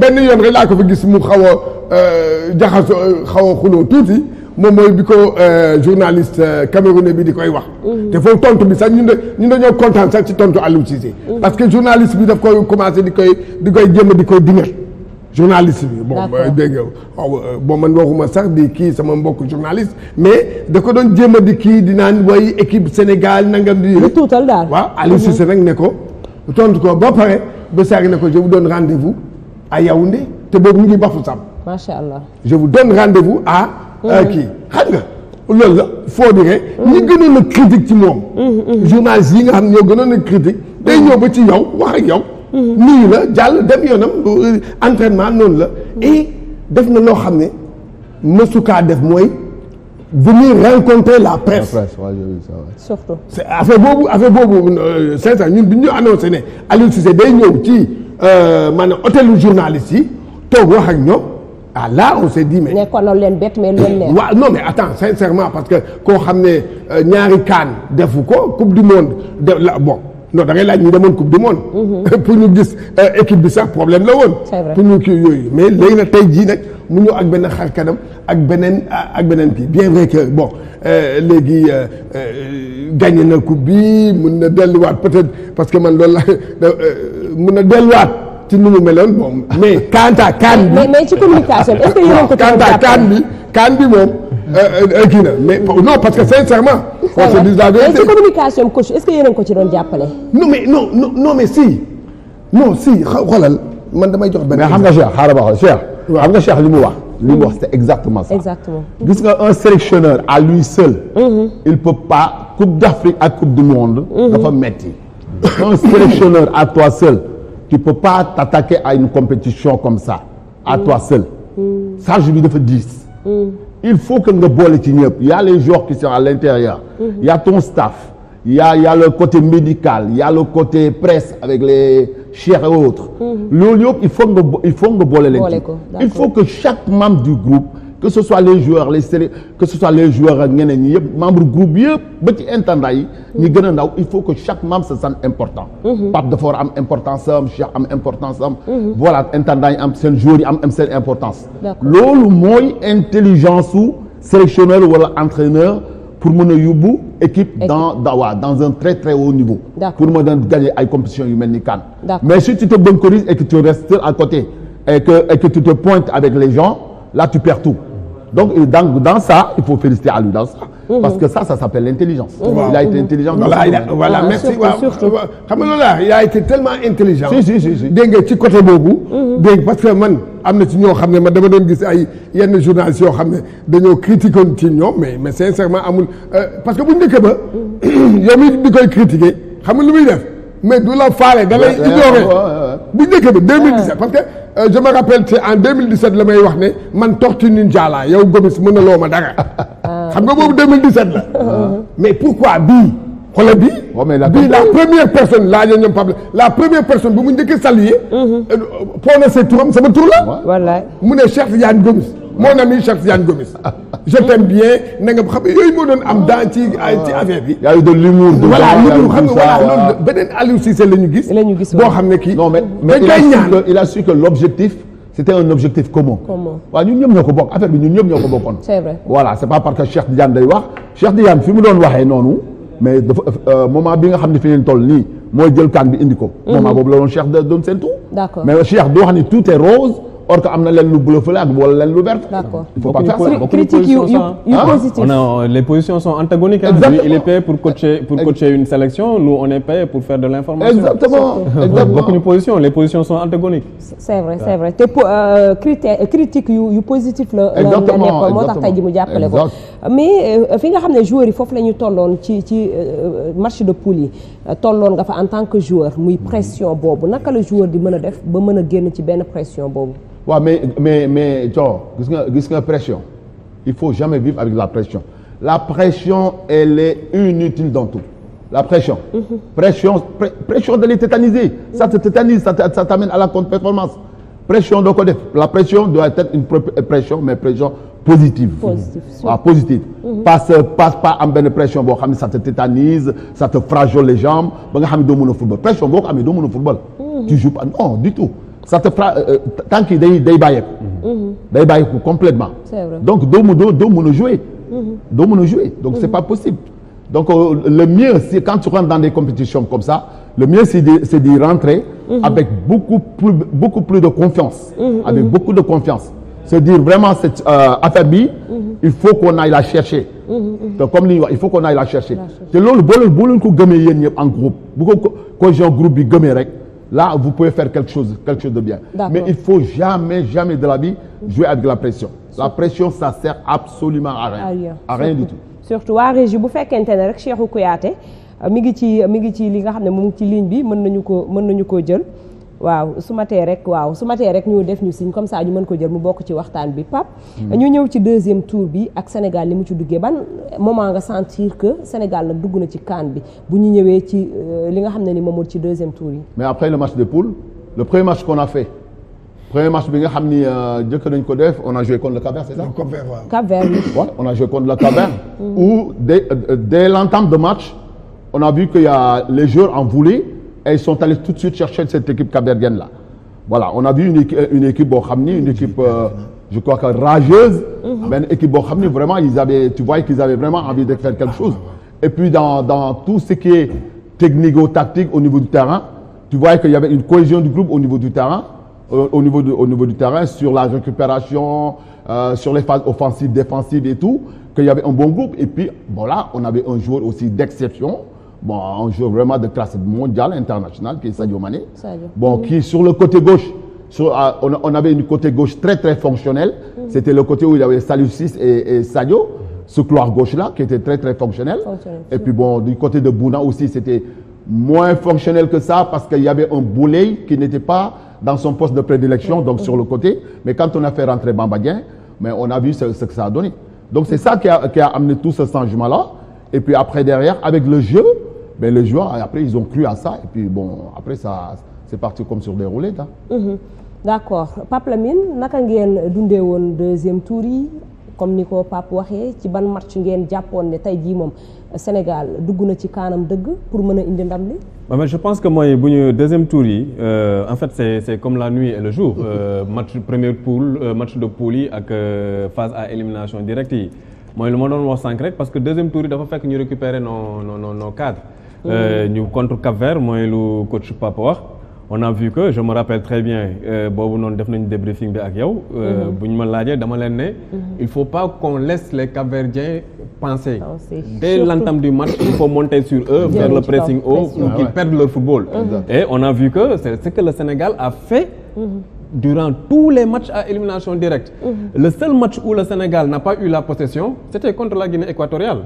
benn yoon rek laa ko fa gis mu xaw a jaxasoo xaw a tuuti. moom mooy bi ko euh, journaliste euh, camerounais bi di koy wax. Mhm. te foofu tontu bi sax ñu ñun ñu ñun dañoo kontaan sax ci tontu Aliou Cissé. Mhm. parce que journaliste bi daf koy commencé di koy di koy jéem a di koy dingal. journaliste bi bon euh, dégg nga bon man waxuma sax di kii sama mbokk journaliste mais da ko doon jéem a di kii di naan way équipe Sénégal nangam di. lu tuutal daal waaw Aliou mhm. Cissé rek ne ko. tontu ko ba pare ba saag ne ko je vous donne rendez vous à Yaoundé te boobu mu ngi Bafoussam. macha allah je vous donne rendez vous à. Ah, kii xam nga loolu la foo dire ñi gënoon a critique ci moom mm, mm, mm. journaliste yi nga xam ñoo gënoon a critique day ñëw ba ci yow wax ak yow nuyu la jàll dem yoonam euh, entraînement noonu la et def na loo xam ne mësukaa def mooy venir rencontrer la presse. surtout. c' est affaire boobu affaire boobu euh, sincère ñun bi ñu annoncé ne Aliou Cissé day ñëw ci euh, maanaam hôtelu journaliste yi toog wax ak ñoom. ah là on s'est dit mais. leen bett mais loolu leen. waaw non mais attends sincèrement parce que koo xam ne euh, ñaari kaan defu ko coupe du monde def la bon non da ngay laaj ñu demoon coupe du monde. Mhm. *laughs* pour ñu gis euh, équipe bi sax problème la woon. pour ñu kii yooyu mais léegi na tey jii nag mu ñëw ak benn xar kanam ak beneen ak beneen kii bien vrai que bon euh, léegi gagné na coupe bi mun na delluwaat peut-être parce que man loolu la *laughs* mun na delluwaat. ci nu mu meloon moom mais quant à CAN bi mais ci communication est-ce que yéen ko quant à CAN bi CAN bi moom euh, euh, euh, kii na mais oh, non parce que sincèrement on se dise la vérité ci communication coach est-ce que yéen ko ci doon jàppale non mais non non non mais si non si xoolal man damay jox benn mais xam nga Cheikh xaaral ma xool Cheikh xam nga Cheikh li mu wax li mu wax c'est exactement ça exactement gis nga un sélectionneur à lui seul mm-hmm. il peut pas coupe d'Afrique ak coupe du monde mm-hmm. dafa metti un sélectionneur à toi seul tu peux pas t'attaquer à une compétition comme ça à mmh. toi seul charge mm. bi dafa diis mm. il faut que nga boole ci ñëpp y a les joueurs qui sont à l'intérieur mm-hmm. y a ton staff y y a le côté médical y a le côté presse avec les chefs et autres mm-hmm. loolu yëpp il faut nga il faut nga boole leen ci il faut que chaque membre du groupe que ce soit les joueurs les série que ce soit les joueurs ak ñi membre groupe yëpp ba ci intendant gën a ndaw il faut que chaque membre se sente important mhm. Pape dafa war a am importance am Cheikh am importance am mhm. voilà intendant yi am seen joueurs yi am am seen importance mooy intelligence su sélectionneur wala entraîneur pour mën a yóbbu équipe dans dans un très très haut niveau pour mën a gagner ay compétition yu mel ni CAN mais si tu te bunkerises et que tu restes à côté et que tu te pointes avec les gens là tu perds tout Donc, dans, dans ça, il faut féliciter à lui dans ça. Mhm. parce que ça, s'appelle l'intelligence. Wow. Mhm. a été mhm. intelligent. voilà voilà ah, merci waaw xam nga loolu laa il a été tellement intelligent. si si si si dégg nga ci côté boobu. dégg parce que man am na ci ñoo xam ne man dama doon gis ay yenn journalistes yoo xam ne dañoo critiqué woon ci ñoom mais mais sincèrement amul euh, parce que bu njëkk ba. *clears throat* yow mii di koy critiqué xam nga lu muy def mais du la faale. da lay ignoré bu njëkk ba 2017 parce que. Euh, je me rappelle te en 2017 la may wax ne man tortue ninja laa yow Gomis mën na loo ma dara. Ah. xam nga boobu 2017 la. Ah. mais pourquoi bii. xoolal bii. bii la première personne laajoo ñoom Pape la première personne bu mu njëkk sal saluer. Mhm. Euh, Pona Sey turam sama tur la. wallaay mu ne Cheikh Tidiane Gomis. mon ami Cheikh Tidiane Gomis je t'aime bien na nga xam yooyu moo doon am dans ci ah. ci affaire bi. yaa ngi doon l'humour voilà l'humour xam nga voilà loolu beneen Aliou Cissé la ñu gis. la ñu gis boo xam ne kii. non mais mais il a su que il a su que l'objectif c'était un objectif commun. commun waaw ñun ñëpp ñoo ko bokk affaire bi ñun ñëpp ñoo ko bokkoon. c'est vrai voilà c'est pas parce que Cheikh Tidiane day wax Cheikh Tidiane fi mu doon waxee noonu. mais dafa euh, moment bi nga xam ne fi ngeen toll nii mooy jël kaan bi indi ko. Mhm. moment boobu la doon Cheikh doon séntu. d'accord mais Cheikh doo xam ne tout est rose. or que am na leen lu bleu fële ak wala leen lu vert. d'accord il faut euh, les positions sont antagoniques. il est payé pour coacher pour coacher une sélection nous on est payé pour faire de l'information. exactement exactement position les positions sont antagoniques. c'est vrai c'est vrai po euh, critère critique yu positif la. exactement la nekkoon moo tax tey ji mu jàppale mais euh, fi nga xam ne joueurs yi foofu la ñu tolloon ci ci euh, match de poule yi euh, tolloon nga fa en tant que joueur muy pression boobu naka la joueur di mën a def ba mën a génn ci benn pression boobu. waa mais mais mais Dior gis nga gis nga pression il faut jamais vivre avec la pression la pression elle est inutile dans tout la pression. Mhm. pression pression de les tétaniser. ça te tétanise ça t'amène à la contre-performance. pression doo ko def la pression doit être une euh, pression mais pression positive ah, mhm. passe pas am benn pression boo xam ne ça te tétanise ça te fragile les jambes ba nga xam ne doo a football pression boo ko amee doo mën football mhm. tu joues pas non du tout ça te fra euh, euh, tànk yi day day bàyyeeku mhm. day bàyyeeku complètement donc doo mu doo a jouer doo jouer donc c'est pas possible Donc euh, le mieux, c'est quand tu rentres dans des compétitions comme ça, le mieux c'est d'y rentrer mm -hmm. avec beaucoup plus, de confiance, mm -hmm. avec beaucoup de confiance. Se dire vraiment cette euh, affaire bi, mhm. il faut qu'on aille la chercher. Mhm, mhm, comme li il faut qu'on aille la chercher. te loolu boo leen boo ko gëmee yéen ñëpp en ko cohésion bi gëmee rek là vous pouvez faire quelque chose quelque de bien. mais il faut jamais jamais de la vie jouer avec la pression. la pression ça sert absolument à rien. à tout. surtout waa régie bu fekkente ne rek Cheikhou Kouyaté euh, mi ngi ci mi ngi ci li nga xam ne mu ngi ci ligne bi mën nañu ko mën nañu koo jël waaw su ma rek waaw su ma tee rek ñu def ñu signe comme ça ñu mën ko jël mu bokk ci waxtaan bi Pape hmm. ñu ñëw ci deuxième tour bi ak Sénégal li mu ci duggee ban moment nga sentir que Sénégal nag dugg na ci CAN bi bu ñu ñëwee ci euh, li nga xam ne ni moom ci deuxième tour yi mais après le match de poule le premier match premier match bi nga xam ni euh, jëkk nañ ko def on a joué contre le Cap-Vert c'est ça. Cap-Vert oui. ouais, on a joué contre le Cap-Vert. où dès euh, euh, dès l'entame de match on a vu que y a les joueurs en voulaient et ils sont allés tout de suite chercher cette équipe capverdienne là voilà on a vu une équipe une équipe boo xam ni une équipe. Euh, je crois que rageuse. benn mhm. équipe boo xam ne vraiment ils avaient tu vois qu'ils avaient vraiment envie de faire quelque chose. et puis dans dans tout ce qui est technico-tactique au niveau du terrain tu vois qu'il y avait une cohésion du groupe au niveau du terrain au, au, niveau, de, au niveau du terrain, sur la récupération, euh, sur les phases offensives, défensives et tout, qu'il y avait un bon groupe. Et puis, voilà, bon, on avait un joueur aussi d'exception. Bon, un joueur vraiment de classe mondiale, internationale, qui est Sadio Mané. Sadio. Bon, mmh. qui sur le côté gauche, sur, euh, on, on, avait une côté gauche très très fonctionnelle. Mmh. C'était le côté où il y avait Salus 6 et, et Sadio ce couloir gauche-là qui était très très fonctionnel. fonctionnel. Et puis bon, du côté de Bouna aussi, c'était moins fonctionnel que ça parce qu'il y avait un boulet qui n'était pas dans son poste de prédilection, donc sur le côté. Mais quand on a fait rentrer Bambadien, mais on a vu ce, ce que ça a donné. Donc c'est ça qui a, qui a, amené tout ce changement-là. Et puis après, derrière, avec le jeu, mais après, ils ont cru à ça. Et puis comme sur des roulettes. Hein. Mm -hmm. naka ngeen dundee woon deuxième tour yi comme ni ko Pape waxee ci ban match ngeen jàppoon ne tey jii moom Sénégal dugg na ci kaanam dëgg pour mën a indi ndam li. mais je pense que mooy bu ñu deuxième tour yi euh, en fait c' comme la nuit et le jour. Euh, *laughs* match première poule euh, match de poule yi ak euh, phase à élimination direct yi mooy lu ma doon wax sànq rek parce que deuxième tour yi dafa fekk ñu récupérer nos nos nos cadres. Euh, ñu contre Cap mooy lu coach Papa wax. on a vu que je me rappelle très bien euh, boobu noonu def nañu débriefing bi ak yow. Euh, mhm. bu ñu ma laajee dama leen ne. Mhm. il faut pas qu'on laisse les Cap-Verdiens penser. dès l'entame du match il faut monter sur eux. vers le pressing o pour ah qu'ils perdent leur football. Mhm. et on a vu que c'est ce que le Sénégal a fait. durant tous les matchs à élimination directe. le seul match où le Sénégal n'a pas eu la possession c'était contre la Guinée équatoriale.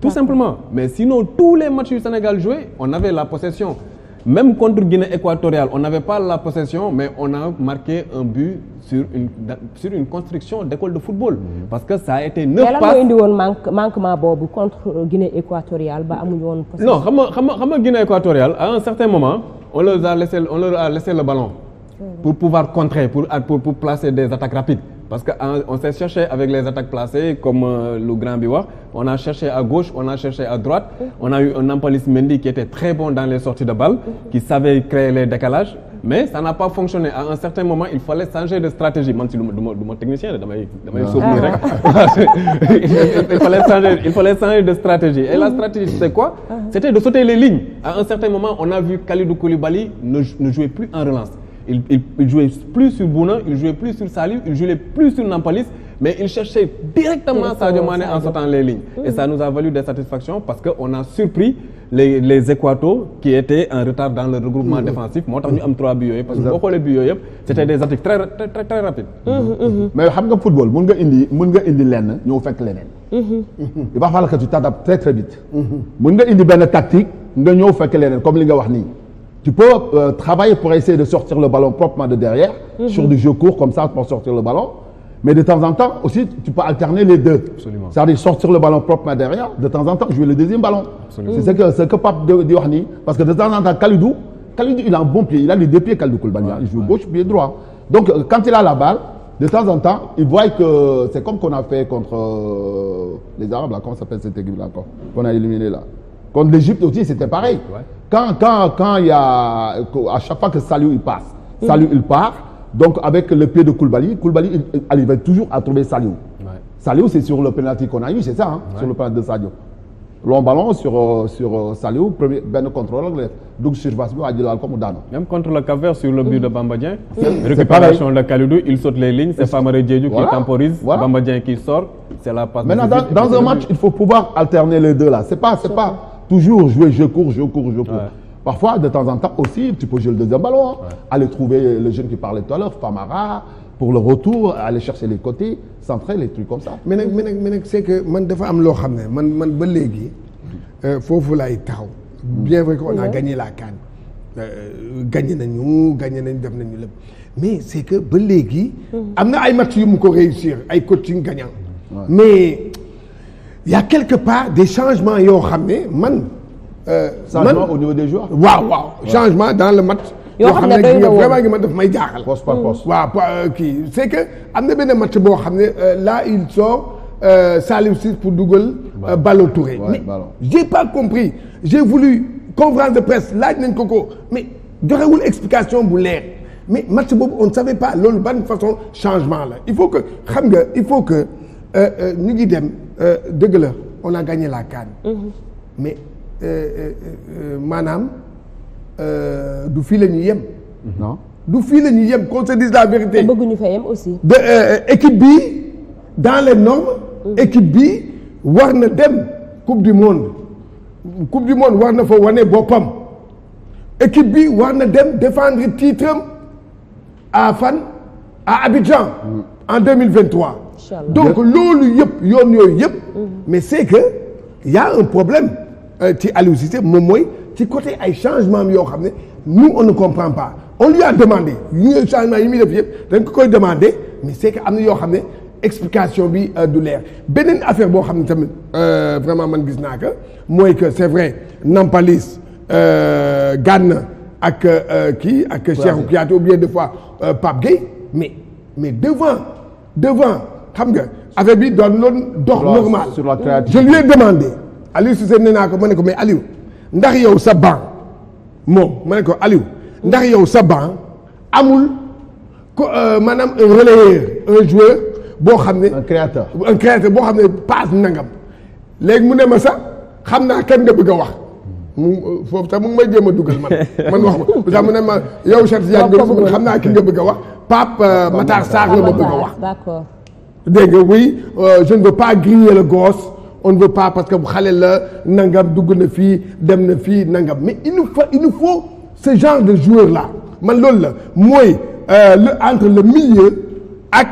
tout simplement mais sinon tous les matchs Sénégal joué on avait la possession. même contre Guinée équatoriale on n'avait pas la possession mais on a marqué un but sur une sur construction d'école de football. Mm-hmm. parce que ça a été neuf passes mais lan moo indi woon manque manquement boobu contre Guinée équatoriale ba amuñu woon. possession non xam nga xam xam nga Guinée équatoriale à un certain moment on leur a laissé le ballon. Mm-hmm. pour pouvoir contrer pour pour pour placer des attaques rapides. parce que euh, on s'est cherché avec les attaques placées comme euh, le grand bi on a cherché à gauche on a cherché à droite on a eu un Nampalys Mendy qui était très bon dans les sorties de balle qui savait créer les décalages mais ça n'a pas fonctionné il fallait changer de stratégie man si du technicien de damay damay ah. *laughs* il fallait changer de stratégie et la stratégie c'est quoi c'était de sauter les lignes à un certain moment on a vu Kalidou Koulibaly ne, Il, il, il, jouait plus sur Bouna, il jouait plus sur Salif, il jouait plus sur Nampalis, mais il cherchait directement Sadio Mané en sortant les lignes. Et ça nous a valu des satisfactions parce qu'on a surpris les les qui étaient en retard dans le regroupement défensif moo tax ñu am trois buts yooyu parce que boo xoolee buts c'était des attaques très rapides. Mm-hmm, mm-hmm. mais xam nga football mën nga indi mën nga indi lenn ñëw fekk leneen. Mm-hmm. il va falloir que très très comme li nga wax nii. tu peux euh, travailler pour essayer de sortir le ballon proprement de derrière. Mm -hmm. sur du jeu court comme ça pour sortir le ballon. mais de temps en temps aussi tu peux alterner les deux. absolument c'est-à-dire sortir le ballon proprement derrière de temps en temps jouer le deuxième ballon. absolument c'est que c'est que Pape di wax nii parce que de temps en temps Kalidou Kalidou il a un bon pied il a les deux pieds Kalidou Koulibaly. Ouais, il joue ouais. gauche pied droit. donc euh, quand il a la balle de temps en temps il voit que euh, c'est comme qu'on a fait contre euh, les Arabes là comment s'appelle cette équipe là encore qu'on a éliminé là contre l'Égypte aussi c'était pareil. Ouais. quand quand quand il y a à chaque fois que Saliou il passe. Mmh. Saliou il part donc avec le pied de Koulibaly Koulibaly il arrivait toujours à trouver Saliou. Ouais. Saliou c'est sur le penalty qu'on a eu c'est ça hein, ouais. sur le penalty de Sadio. long ballon sur euh, sur euh, Saliou premier benn contrôle la dugg surface bi waa jëlaal ko mu daanu. même contre le Cap-Vert sur le but de Bamba Dieng. c' est récupération de Kalidou il saute les lignes c' est Famara Diédhiou qui temporise. voilà Bamba Dieng qui sort. c' est la passe. maintenant dans un match il faut pouvoir alterner les deux là c' est pas c' est pas. toujours jouer je cours je cours je cours. Ouais. parfois de temps en temps aussi tu peux jouer le deuxième ballon. Ouais. aller trouver le jeune qui parlait tout à l'heure Famara pour le retour aller chercher les côtés centrer les trucs comme ça. mais nag mais nag mais nag c'est que man dafa am loo xam ne man man ba léegi euh, foofu laay taxaw. bien vrai qu'on a gagné la CAN. Euh, gagné nañu gagné nañu def nañu lépp mais c'est que ba léegi. am na ay match yu mu ko réussir ay coaching gagnant. mais. y a quelque part des changements yoo xam ne man. Euh, changement au niveau des joueurs. waaw waaw changement dans le match. yoo xam ne doy na woon vraiment gi ma daf may jaaxal. poste par poste mm. waaw euh, kii c'est que am na benn match boo xam ne euh, là ils sont Saliou Ciss pour dugal. Ballo Touré mais j'ai pas compris j'ai voulu conférence de presse laaj nañ ko ko mais joxewul explication bu leer mais match boobu on ne savait pas loolu ban façon changement la il faut que xam nga il faut que. Euh, euh, ñu ngi dem euh, dëgg la on a gagné la CAN. Mhm. mais maanaam du fii la ñu yem. non du fii la ñu yem qu'on se dise la vérité. te bëgguñu fa yem aussi. de équipe bi dans les normes. Mhm. équipe bi war na dem coupe du monde coupe du monde war na fa wane boppam équipe bi war na dem défendre titre à Fan à Abidjan. Mhm. en deux mille vingt donc loolu yëpp yoon yooyu yëpp. Mm-hmm. mais c'est que y a un problème euh, ci Aliou moom mooy ci côté ay changement yoo xam ne nous on ne comprend pas on lui a demandé changement yi muy def yëpp dañ ko koy demandé mais c'est que am na yoo xam ne explication bi euh, du leer beneen affaire boo xam ne tamit euh, vraiment man gis naa que mooy que c'est vrai Nampalis euh, Gana ak kii euh, ak Cheikhou Kouyaté ou bien des fois euh, Pape Gueye mais mais devant devant. xam nga affaire bi doon loon dox normal je lui ai demandé Aliou Cissé nee naa ko ma ne ko mais Aliou ndax yow sa ban moom ma ne ko Aliou ndax yow sa banc amul ko euh, maanaam un un joueur boo xam ne un créateur un boo xam ne passe nangam léegi mu ne ma sax xam naa kan nga bëgg a wax mu euh, foofu sax mu ngi a dugal man *laughs* man wax ma sax mu ne ma yow Cheikh Tidiane Diop xam naa ki nga bëgg a wax Pape euh, Matar Sarr la ma bëgg a wax dégg nga oui euh, je ne veux pas griller le gosse on ne veut pas parce que bu xale la nangam dugg na fii dem na fii nangam mais il nous faut il faut ce genre de jour là man loolu la mooy euh, le entre le milieu ak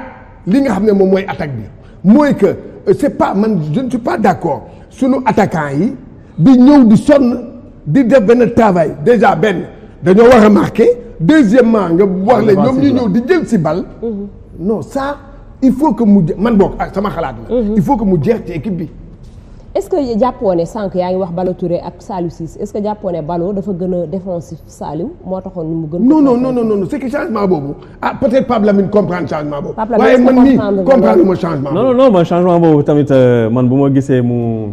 li nga xam ne moom mooy attaque bi mooy que euh, c'est pas man je ne suis pas d'accord sunu attaquant yi di ñëw di sonn di def benn travail déjà benn dañoo war a marqué deuxièmement nga wax la ñoom ñu ñëw di jël si bal mhm. non ça il faut que mu man bokk ak sama xalaat la. Mhm. il faut que mu jeex ci équipe bi. est-ce que jàppoo ne sànq yaa ngi wax bala Touré ak Saliou Ciss est-ce que jàppoo ne Ballo dafa gën a défensif Saliou moo tax ni mu gën. non non non non non c'est que changement boobu ah peut-être Pape Lamine comprendre changement boobu. Pape ma changement boobu tamit euh, man bu ma gisee mu.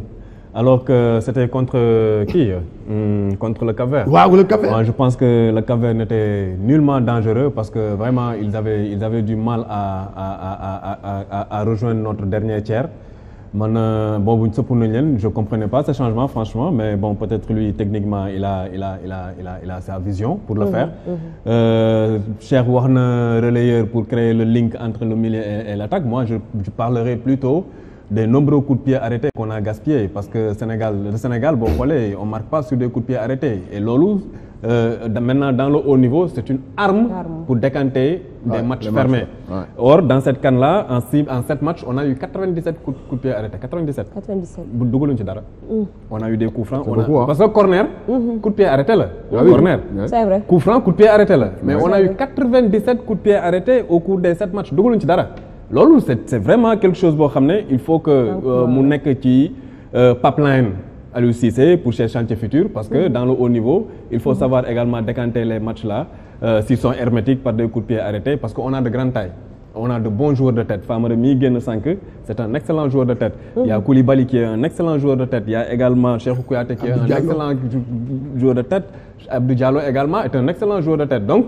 alors que c'était contre euh, qui mmh, contre le Cap-Vert. waaw le Cap-Vert ouais, je pense que le Cap-Vert n'était nullement dangereux parce que vraiment ils avaient ils avaient du mal à à à à à, à rejoindre notre dernier tiers man euh, boobu sëpp nañ leen je comprenais pas ce changement franchement mais bon peut-être lui techniquement il a il a il a il a il a sa vision pour le mmh, faire mhm. Cheikh wax na relayeur pour créer le link entre le milieu et, et l'attaque moi je, je parlerai plutôt des nombreux coups de pied parce que Sénégal le Sénégal boo xoolee on marque pas sur des coups de pied arrêtés et loolu euh, maintenant dans le haut niveau c'est une arme pour décanter des matchs fermés or dans cette CAN là en sept matchs on a eu 97 coups, coups de pied arrêtés ci dara mm. on a eu des coups francs parce que corner mmh. coup arrêté la ah oui, corner c'est vrai coup franc coup de arrêté la mais on a eu 97 coups de au cours des matchs dugaluñ ci dara loolu c' est c' est vraiment quelque chose boo xam ne il faut que euh, mu nekk ci euh, pipeline Aliou Cissé pour ses chantiers futurs parce que mm-hmm. dans le haut niveau il faut mm-hmm. savoir également décanter les matchs là euh, s'ils sont par des coups de pied arrêtés parce que on a de grandes tailles on a de bons joueurs de tête Famara mii génn sànq c' mm-hmm. est un excellent joueur de tête il y a un excellent joueur de tête il y a est un excellent joueur de tête Abdou Diallo également est un excellent joueur de tête donc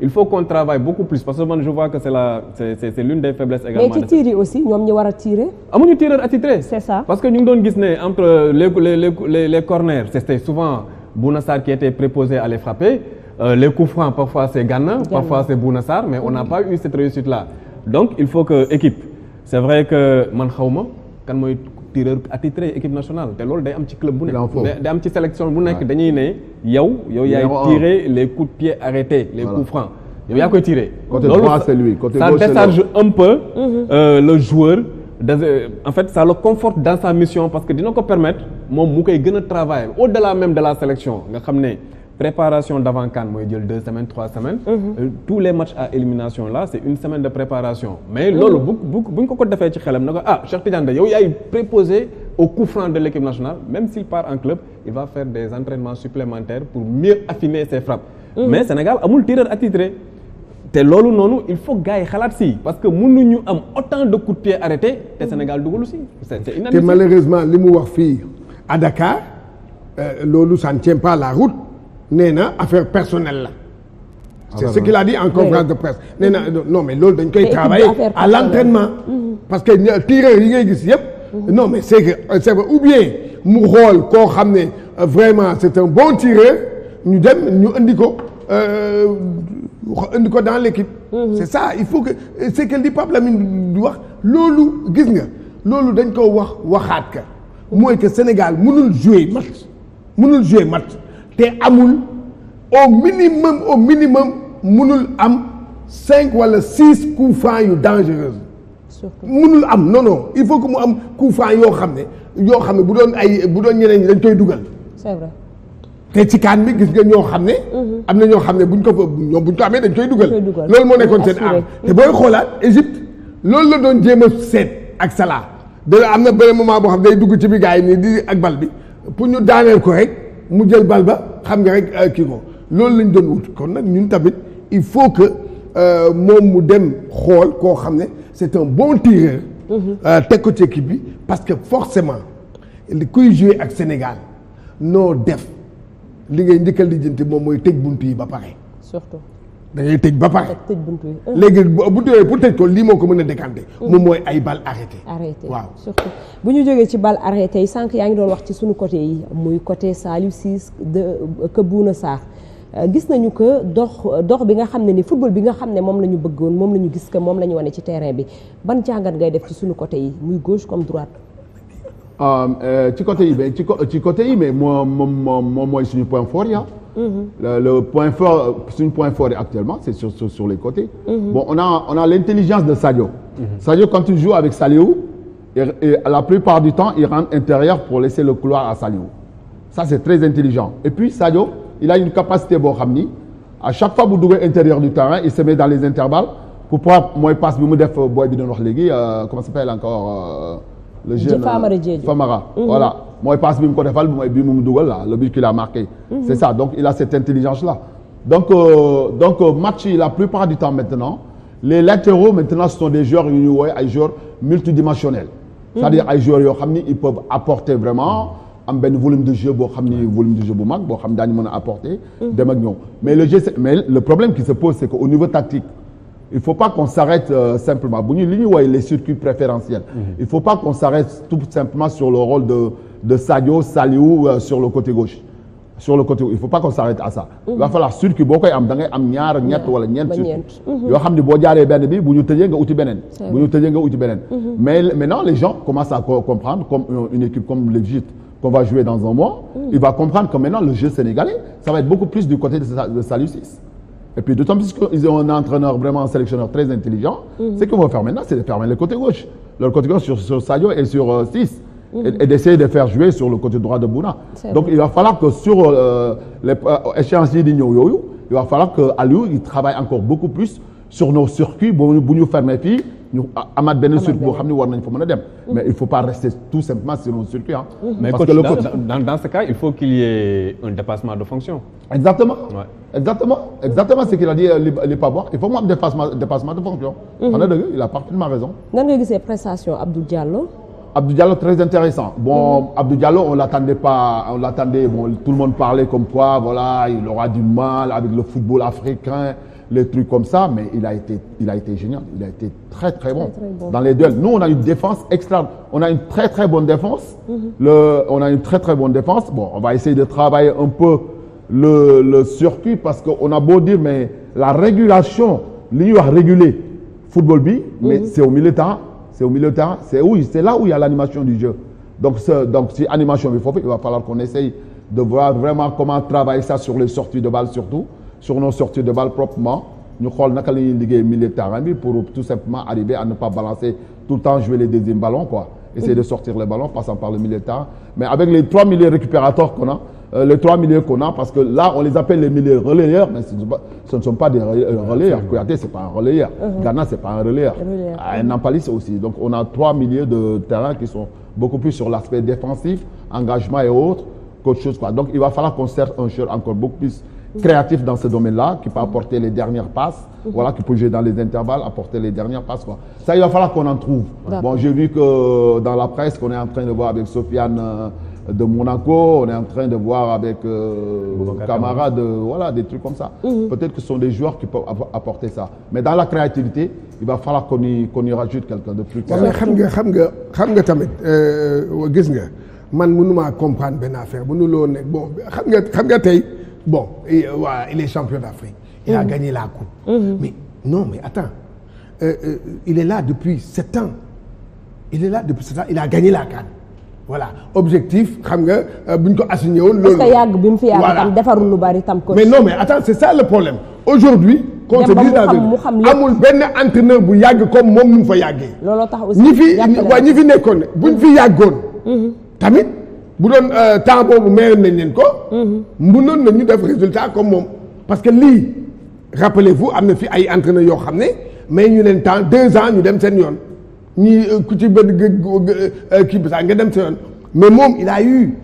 il faut qu'on travaille beaucoup plus parce que man je vois que c'est la c'est l'une des faiblesses également mais ci tiir aussi ñoom ñi war a tirer amuñu tireur attitré c'est parce que ñu ngi doon gis ne entre les les les les corners c'était souvent Bouna Sarr qui était préposé à les frapper euh, les coups francs parfois c'est Gana parfois c'est Bouna mais on n'a pas eu cette réussite là donc il faut que équipe c'est vrai que man xawma kan moy tireur attitré équipe nationale te loolu day am ci club bu nekk day am ci sélection bu nekk dañuy ne yow yow yaay tiré les coups de pied arrêtés les coups francs yow yaa koy tiré loolu ça décharge un peu mhm. euh, le joueur euh, en fait ça le conforte dans sa mission parce que dina ko permettre moom mu koy gën a travailler au-delà même de la sélection nga xam ne préparation d'avant CAN mooy jël deux semaines trois semaines. Mhm. Euh, tous les matchs à élimination là c'est une semaine de préparation. mais mhm. loolu bu bu buñ ko ko defee ci xelam na ko ah Cheikh Tidiane yow yaay préposé au coup franc de l'équipe nationale même si par en club il va faire des entraînements supplémentaires pour mieux affiner ses frappes. Mhm. mais Sénégal amul tireur attitré. te loolu noonu il faut gars yi xalaat si parce que mënuñu am autant de coups de pied arrêtés Sénégal dugalu si. te malheureusement li mu wax fii à Dakar euh, loolu ça ne tient nee na affaire personnelle la. Ah, c'est ce qu'il a dit en conférence de presse nee na non mais loolu dañ koy travailler à l'entraînement mm-hmm. parce que tireur yi ngay gis yëpp mm-hmm. non mais c'est que euh, c'est ou bien mu xool koo xam ne euh, vraiment c'est un bon tireur ñu dem ñu indi ko euh, indi ko dans l'équipe mm-hmm. c'est ça il faut que c'est que li Pape Lamine di wax loolu gis nga loolu dañ ko wax waxaat ka mooy que Sénégal mënul jouer match mënul jouer te amul au minimum au minimum munul am cinq wala six coups francs yu dangereux munul am non il faut que mu am coups francs yoo xam ne yoo xam ne bu doon ay bu doon ñeneen ñi dañ koy dugal c'est vrai te ci kaan bi gis nga ñoo xam ne mhm. am na ñoo xam ne buñ ko ñoom buñ ko amee dañ koy dugal loolu moo nekkoon seen am te booy xoolaat Égypte loolu la doon jéem seet ak Salah da am na benn moment boo xam day dugg ci bi gars yi nii di ak bal bi pour ñu daaneel ko rek mu jël bal ba xam nga rek euh, kii ko loolu lañ doon wut kon nag ñun tamit il faut que euh, moom mu dem xool koo xam ne c'est un bon tireur. Mm-hmm. Euh, teg ko ci équipe bi parce que forcément li kuy jouer ak Sénégal noo def li ngay njëkkal lijjanti moom mooy tëj bunt yi ba pare. surtout. da tëj ba pare tëj buntu yi ah. léegi bu yooyu pour tëj ko lii moo ko mën a décanté mm. moom mooy ay bal arrêté arrêté waaw bu ñu jógee ci bal arrêté yi sànq yaa ngi doon wax ci suñu côté yi muy côté Saliou Ciss de que Bouna Sarr euh, gis nañu que dox dox bi nga xam ne ni football bi nga xam ne moom la ñu bëggoon moom la ñu gis que moom la ñu wane ci terrain bi ban jàngat ngay def ci suñu côté yi muy gauche comme droite euh, euh, ci côté yi mais ci côté yi mais moom moom moom mooy suñu point fort ya Mm-hmm. le, le point fort suñu point fort yi actuellement c'est sur, sur sur les côtés. Mm-hmm. bon on a on a l'intelligence de Sadio. Mm-hmm. Sadio quand tu joues avec Saliou et, et la plupart du temps il rentre intérieur pour laisser le couloir à Saliou ça c'est très intelligent et puis Sadio il a une capacité boo xam ni à chaque fois bu duggee intérieur du terrain il se met dans les intervalles pour pouvoir mooy passe bi mu def euh, booy bi doon wax léegi euh, comment s'appelle encore euh, le jeune Famara Diédhiou Famara voilà. mooy passe bi mu ko defal mooy bi mu dugal la le but qu'il marqué. Mhm. c'est ça donc il a cette intelligence là. donc euh, euh, match la plupart du temps maintenant les latéraux maintenant ce des joueurs yu ñuy woowee ay joueurs multidimensionnels. Mhm. c'est-à-dire ay joueurs yoo xam ni ils peuvent apporter vraiment am benn volume de jeu boo xam ni volume de jeu mag boo xam daañu mën a apporter. Mhm. dem ak mais le le problème qui se pose c'est que au niveau tactique. il faut pas qu'on s'arrête euh, simplement bu ñu li ñuy woowee les circuits préférentiels. il faut pas qu'on s'arrête le rôle de. de Sadio Saliou euh, sur le côté gauche. sur le côté il faut pas qu'on s'arrête à ça. il va mhm. falloir surtout boo koy am da ngay am ñaar ñett wala ñeent. surtout mhm. yoo xam ne boo jaaree benn bi bu ñu tëjee nga uti beneen. bu ñu tëjee nga uti beneen. Mhm. mais maintenant les gens commencent à comprendre comme une équipe comme l'Égypte qu'on va jouer dans un mois. il va comprendre que maintenant le jeu sénégalais ce qu'ils vont faire maintenant le côté gauche. le côté gauche sur sur et, et d'essayer de faire jouer sur le côté droit de Bouna. Donc il va falloir que sur euh, les euh, échéances yi di ñëw yooyu il va falloir que Aliou il travaille encore beaucoup plus sur nos circuits bu bu ñu fermer fii ñu amaat benn circuit boo xam ne war nañ fa mën a dem. Mm-hmm. mais il faut pas rester tout simplement sur nos circuits ah. mais parce que le coach dans dans ce cas il faut qu'il y ait un dépassement de fonction. exactement. Ouais. exactement exactement ce qu'il a dit li li Pape wax il faut mu am dépassement dépassement de fonction. Mm-hmm. xam nga dëgg il a parfaitement raison. nan nga gisee prestation Abdou Diallo. Abdou Diallo très intéressant bon mm. Abdou Diallo on l'attendait pas on l'attendait bon tout le monde parlait comme quoi voilà il aura du mal avec le football africain les trucs comme ça mais il a été il a été génial il a été très très bon, très, très bon. dans les duels nous on a une défense extra on a une très très bonne défense mm -hmm. le on a une très très bonne défense bon on va essayer de travailler un peu le le circuit parce que on a beau dire mais la régulation li ñuy wax réguler football bi mais mm -hmm. c'est au milieu de terrain c'est au milieu de terrain c'est où c'est là où il y a l'animation du jeu donc ce donc si animation bi foofu il va falloir qu'on essaye de voir vraiment comment travailler ça sur les sorties de balle surtout sur nos sorties de balle proprement ñu xool naka la ñuy liggéey milieu de terrain bi pour tout simplement arriver à ne pas balancer tout le temps jouer les deuxièmes ballons quoi essayer de sortir les ballons passant par le milieu de terrain mais avec les trois milieux récupérateurs qu'on a euh, les trois milieux qu'on a, parce que là, on les appelle les milieux relayeurs, mais ce ne sont pas, ce ne sont pas des euh, relayeurs. Kouyaté, ce n'est pas un relayeur. Uh mhm. -huh. Ghana, ce n'est pas un relayeur. Un ah, Nampalis aussi. Donc, on a trois milieux de terrain qui sont beaucoup plus sur l'aspect défensif, engagement et autres, qu'autre chose. Quoi. Donc, il va falloir qu'on sert un jeu encore beaucoup plus mhm. créatif dans ce domaine-là, qui peut mhm. apporter les dernières passes, mm -hmm. voilà, qui peut jouer dans les intervalles, apporter les dernières passes. Quoi. Ça, il va falloir qu'on en trouve. Bon, j'ai vu que euh, dans la presse qu'on est en train de voir avec Sofiane euh, de Monaco, on est en train de voir avec euh, Camara, de, euh, voilà, des trucs comme ça. Mmh. Peut-être que ce sont des joueurs qui peuvent apporter ça. Mais dans la créativité, il va falloir qu'on y, qu'on y rajoute quelqu'un de plus. waaw mais xam nga xam nga xam nga tamit euh, gis nga man mënumaa comprendre benn affaire mënuloo nekk bon xam nga xam nga tey bon waa il est champion d'Afrique. il a mhm. gagné la coupe. Mhm. mais non mais attends il est là depuis sept ans il est là depuis sept ans il a gagné la CAN. voilà objectif xam nga euh, bu ñu ko assigné woon. loolu parce que yàgg bi mu fi yàgg tam defarul lu bari tam. mais non mais attends c'est ça le problème aujourd'hui qu'on se dise dans amul benn entraîneur bu yàgg comme moom nu mu fa yàggee. looloo tax aussi ñi fi waa ñi fi nekkoon buñ fi yàggoon. Mhm. tamit bu doon euh, temps boobu mayoon nañ leen ko. Mhm. mënoon nañu def résultat comme moom parce que lii rappelez-vous am na fi ay entraîneurs yoo xam ne mais ñu neen temps deux ans ñu dem seen yoon. ñii euh, ku ci benn euh, kii bi sax nga dem sa yoon mais moom il a eu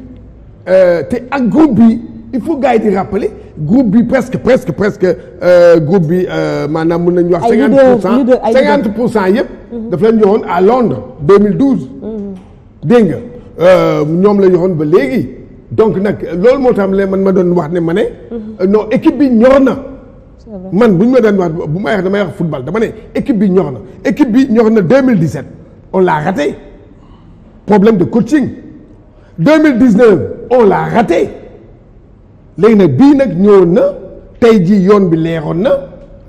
euh, te ak groupe bi il faut gars yi di rappeler groupe bi presque presque presque groupe bi maanaam mën nañu wax. cinquante pour cent pour cent yëpp. daf leen joxoon à Londres 2012. Mm-hmm. dégg nga ñoom la joxoon ba léegi donc nag loolu moo tax man ma doon wax ne ma ne. Mm-hmm. non équipe bi ñor na. man bu ñu ma daan wax bu ma wax damay wax football dama ne équipe bi ñox na équipe bi ñor na 2017 on l'a raté problème de coaching 2019 on l'a raté léegi nag bii nag ñëwoon na tey jii yoon bi leeroon na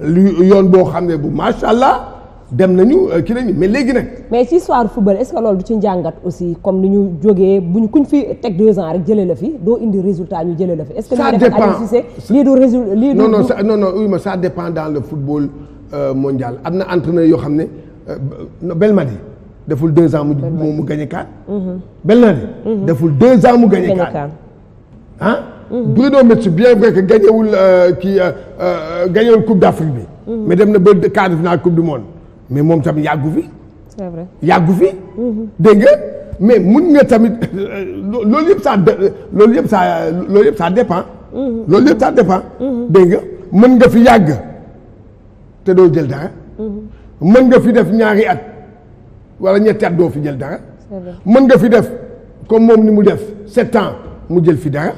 lu yoon boo xam ne bu macha allah. dem nañu euh, ki nañu mais léegi nag. mais ci histoire football est-ce que loolu du ci njàngat aussi comme ni ñu jógee bu ñu kuñ fi teg deux ans rek jëlee la fi doo indi résultat ñu jëlee la fi. est-ce que ça dépend lii du résultat lii du. non non ça, non non football euh, mondial am na entraîneur yoo xam ne euh, Belmadi deful deux ans mu. Belmadi mu gagné kaat. Mhm. Belmadi. Mhm. deful deux ans mu gagné kaat ah. Mhm. Bruno Metsu bien vrai que gagné wul euh, kii gagné wul coupe d'Afrique bi. mais dem na ba quart de finale coupe mais moom tamit yàggu fi. yàggu fi. Mhm. dégg nga mais mun nga tamit loolu yëpp ça loolu yëpp ça loolu yëpp saa dépend. Mhm. loolu yëpp ça dépend. Mhm. dégg nga nga fi yàgg te doo jël dara. mën nga fi def ñaari at wala ñetti at doo fi fi def comme moom ni mu def set ans mu jël fi dara.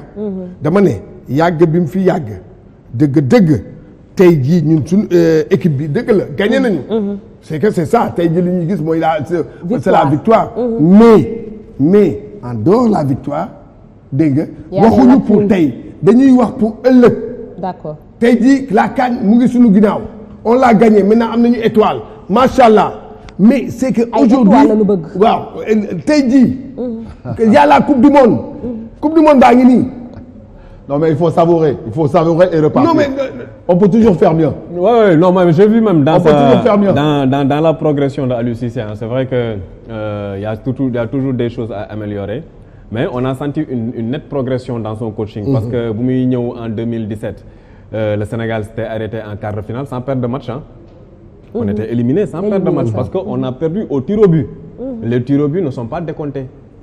dama ne yàgg bi mu fi yàgg dëgg dëgg tey jii ñun suñ euh, équipe bi dëgg la gagné nañu. c'est que c'est ça tey ji li ñu gis mooy la c'est la victoire mm-hmm. mais mais en dehors la victoire dégg nga waxuñu pour tey dañuy wax pour ëllëg d'accord tey jii la CAN mu ngi suñu ginnaaw on l'a gagné maintenant am nañu étoile macha allah mais c'est que aujourd'hui waaw tey jii mm-hmm. y a la coupe du monde mm-hmm. coupe du monde baa ngi nii Non, mais il faut sa, euh, peut toujours faire Dans, dans, dans, la progression de Lucien, hein, c'est vrai qu'il euh, des choses à améliorer. Mais on a senti une, une nette progression dans Parce que Boumigno, en 2017, euh, en quart de finale sans perdre de match. Hein. On mm -hmm. était éliminé sans Éliminé perdre parce qu'on a au tir au but. Mm -hmm. Les tirs au but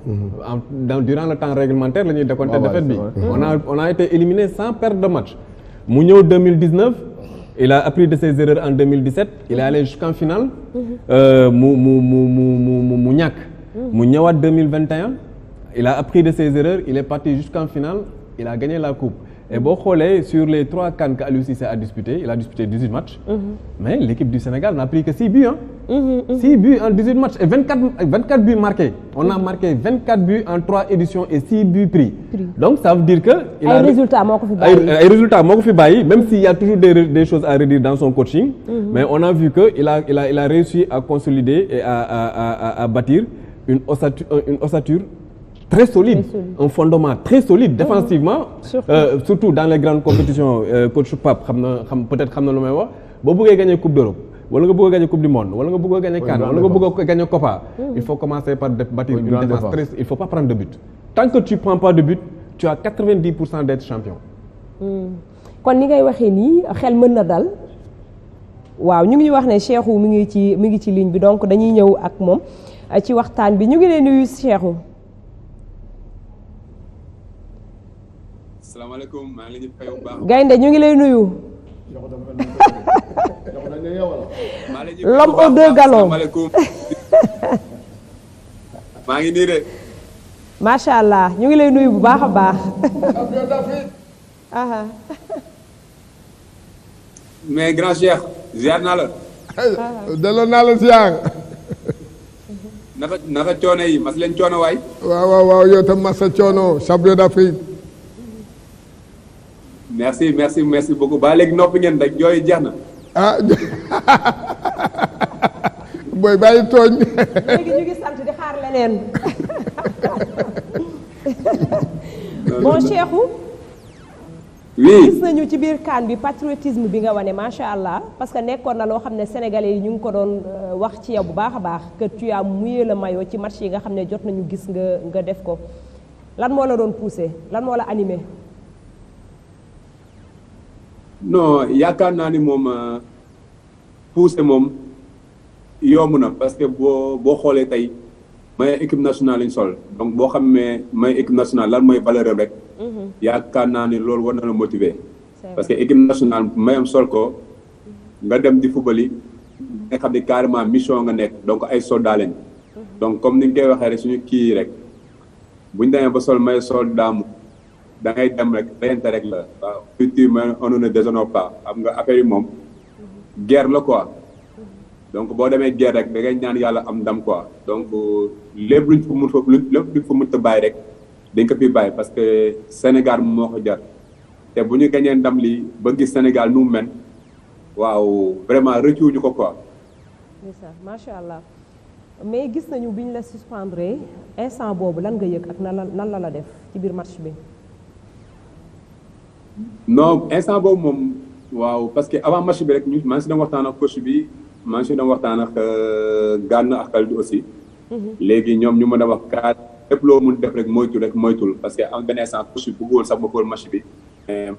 dans durant le temps réglementaire la ñuy décompté ah défaite bi on a on a été éliminé sans perdre de match mu ñëw 2019 il a appris de ses erreurs en 2017 il est allé jusqu'en finale euh, mu mu mu mu mu mu ñàkk mu ñëwaat 2021 il a appris de ses erreurs il est parti jusqu'en finale il a gagné la coupe et boo xoolee sur les trois CAN que Aliou Cissé a disputé il a disputé 18 matchs. Mm mais l'équipe du Sénégal n'a pris que 6 buts hein. Mm -hmm. 6 en 18 matchs et 24 24 buts marqués. on a mhm. marqué 24 buts en 3 éditions et 6 buts pris. donc ça veut dire que. il ay a résultats moo ko fi bàyyi ay moo ko fi bàyyi même s'il y a toujours des des choses à redire dans son coaching. Mhm. mais on a vu que il a réussi à consolider et à bâtir une ossature. très solide un fondement très solide ah défensivement euh, surtout dans les grandes compétitions euh, coach Pape xam na xam peut-être xam na lu may wax boo bëggee gagner coupe d'Europe wala nga bëgg a gagner coupe du monde wala nga bëgg a gagner il faut commencer par bâtir une défense très il faut pas prendre de but tant tu prends pas de but tu as 90 pour hmm. kon ni ngay waxee nii xel mën na dal waaw ñu ngi wax ne Cheikhou mi ngi ci mi ngi ci ligne bi donc dañuy ñëw ak moom ci waxtaan bi ñu ngi le nuyu Cheikhou salaamaaleykum maa ngi gaynde ñu ngi lay nuyu. l'homme aux deux galons. maa ngi nii de. allah ñu ngi lay nuyu bu baax a baax. mais grand cheikh ziar naa la. delloo naa la ziar. naka coono yi mas coono waay. waaw waaw waaw masa coono champion d'Afrique. merci merci merci beaucoup ba léegi noppi ngeen rek jooy jeex na. ah. *laughs* booy bàyyi tooñ. léegi ñu ngi sant di xaar leneen. *laughs* bon Cheikhou. oui gis nañu ci biir kaan bi patriotisme bi nga wane macha allah parce que nekkoon na loo xam ne sénégalais yi ñu ngi ko doon euh, wax ci yow bu baax a baax que tu as mouillé le ci match yi nga xam ne jot nañu gis nga nga def ko lan moo la doon poussé lan moo la anime non yaakaar naa ni moom euh, pousser moom yomb na parce que boo boo xoolee tey may équipe nationale lañ sol donc boo xam ne may équipe nationale lan mooy valeur rek. Mhm. yaakaar naa ni loolu war na la motiver. parce que équipe nationale mayam sol ko nga dem di football yi nga xam ni carrément mission nga nekk donc ay soldat lañ mhm. donc comme ni nga koy waxee rek suñu kii rek buñ demee ba sol may soldat mu. da ngay dem rek reyante rek la waaw effectivement on ne déshonore pas xam nga affaire yi moom guerre la quoi donc boo demee guerre rek da ngay ñaan yàlla am dam quoi donc lépp luñ fa mën fa lépp luñ fa mën a bàyyi rek dañ ko fi parce que Sénégal moo ko jar te bu ñu gañee ndam li ba gis Sénégal nu mu mel waaw vraiment rëccuwuñu ko quoi. macha allah mais gis nañu ñu la suspendre instant boobu lan nga yëg ak nan la la def ci biir match bi. non instant boobu moom waaw parce que avant match bi rek ñu maa ngi waxtaan ak coach bi maa ngi si doon waxtaan ak euh, gànn ak kaldu aussi. Mhm. léegi ñoom ñu mën a wax kaat lépp loo mun def rek moytul rek moytul parce que en beneen instant coach bi bëggoon sax ma xool match bi.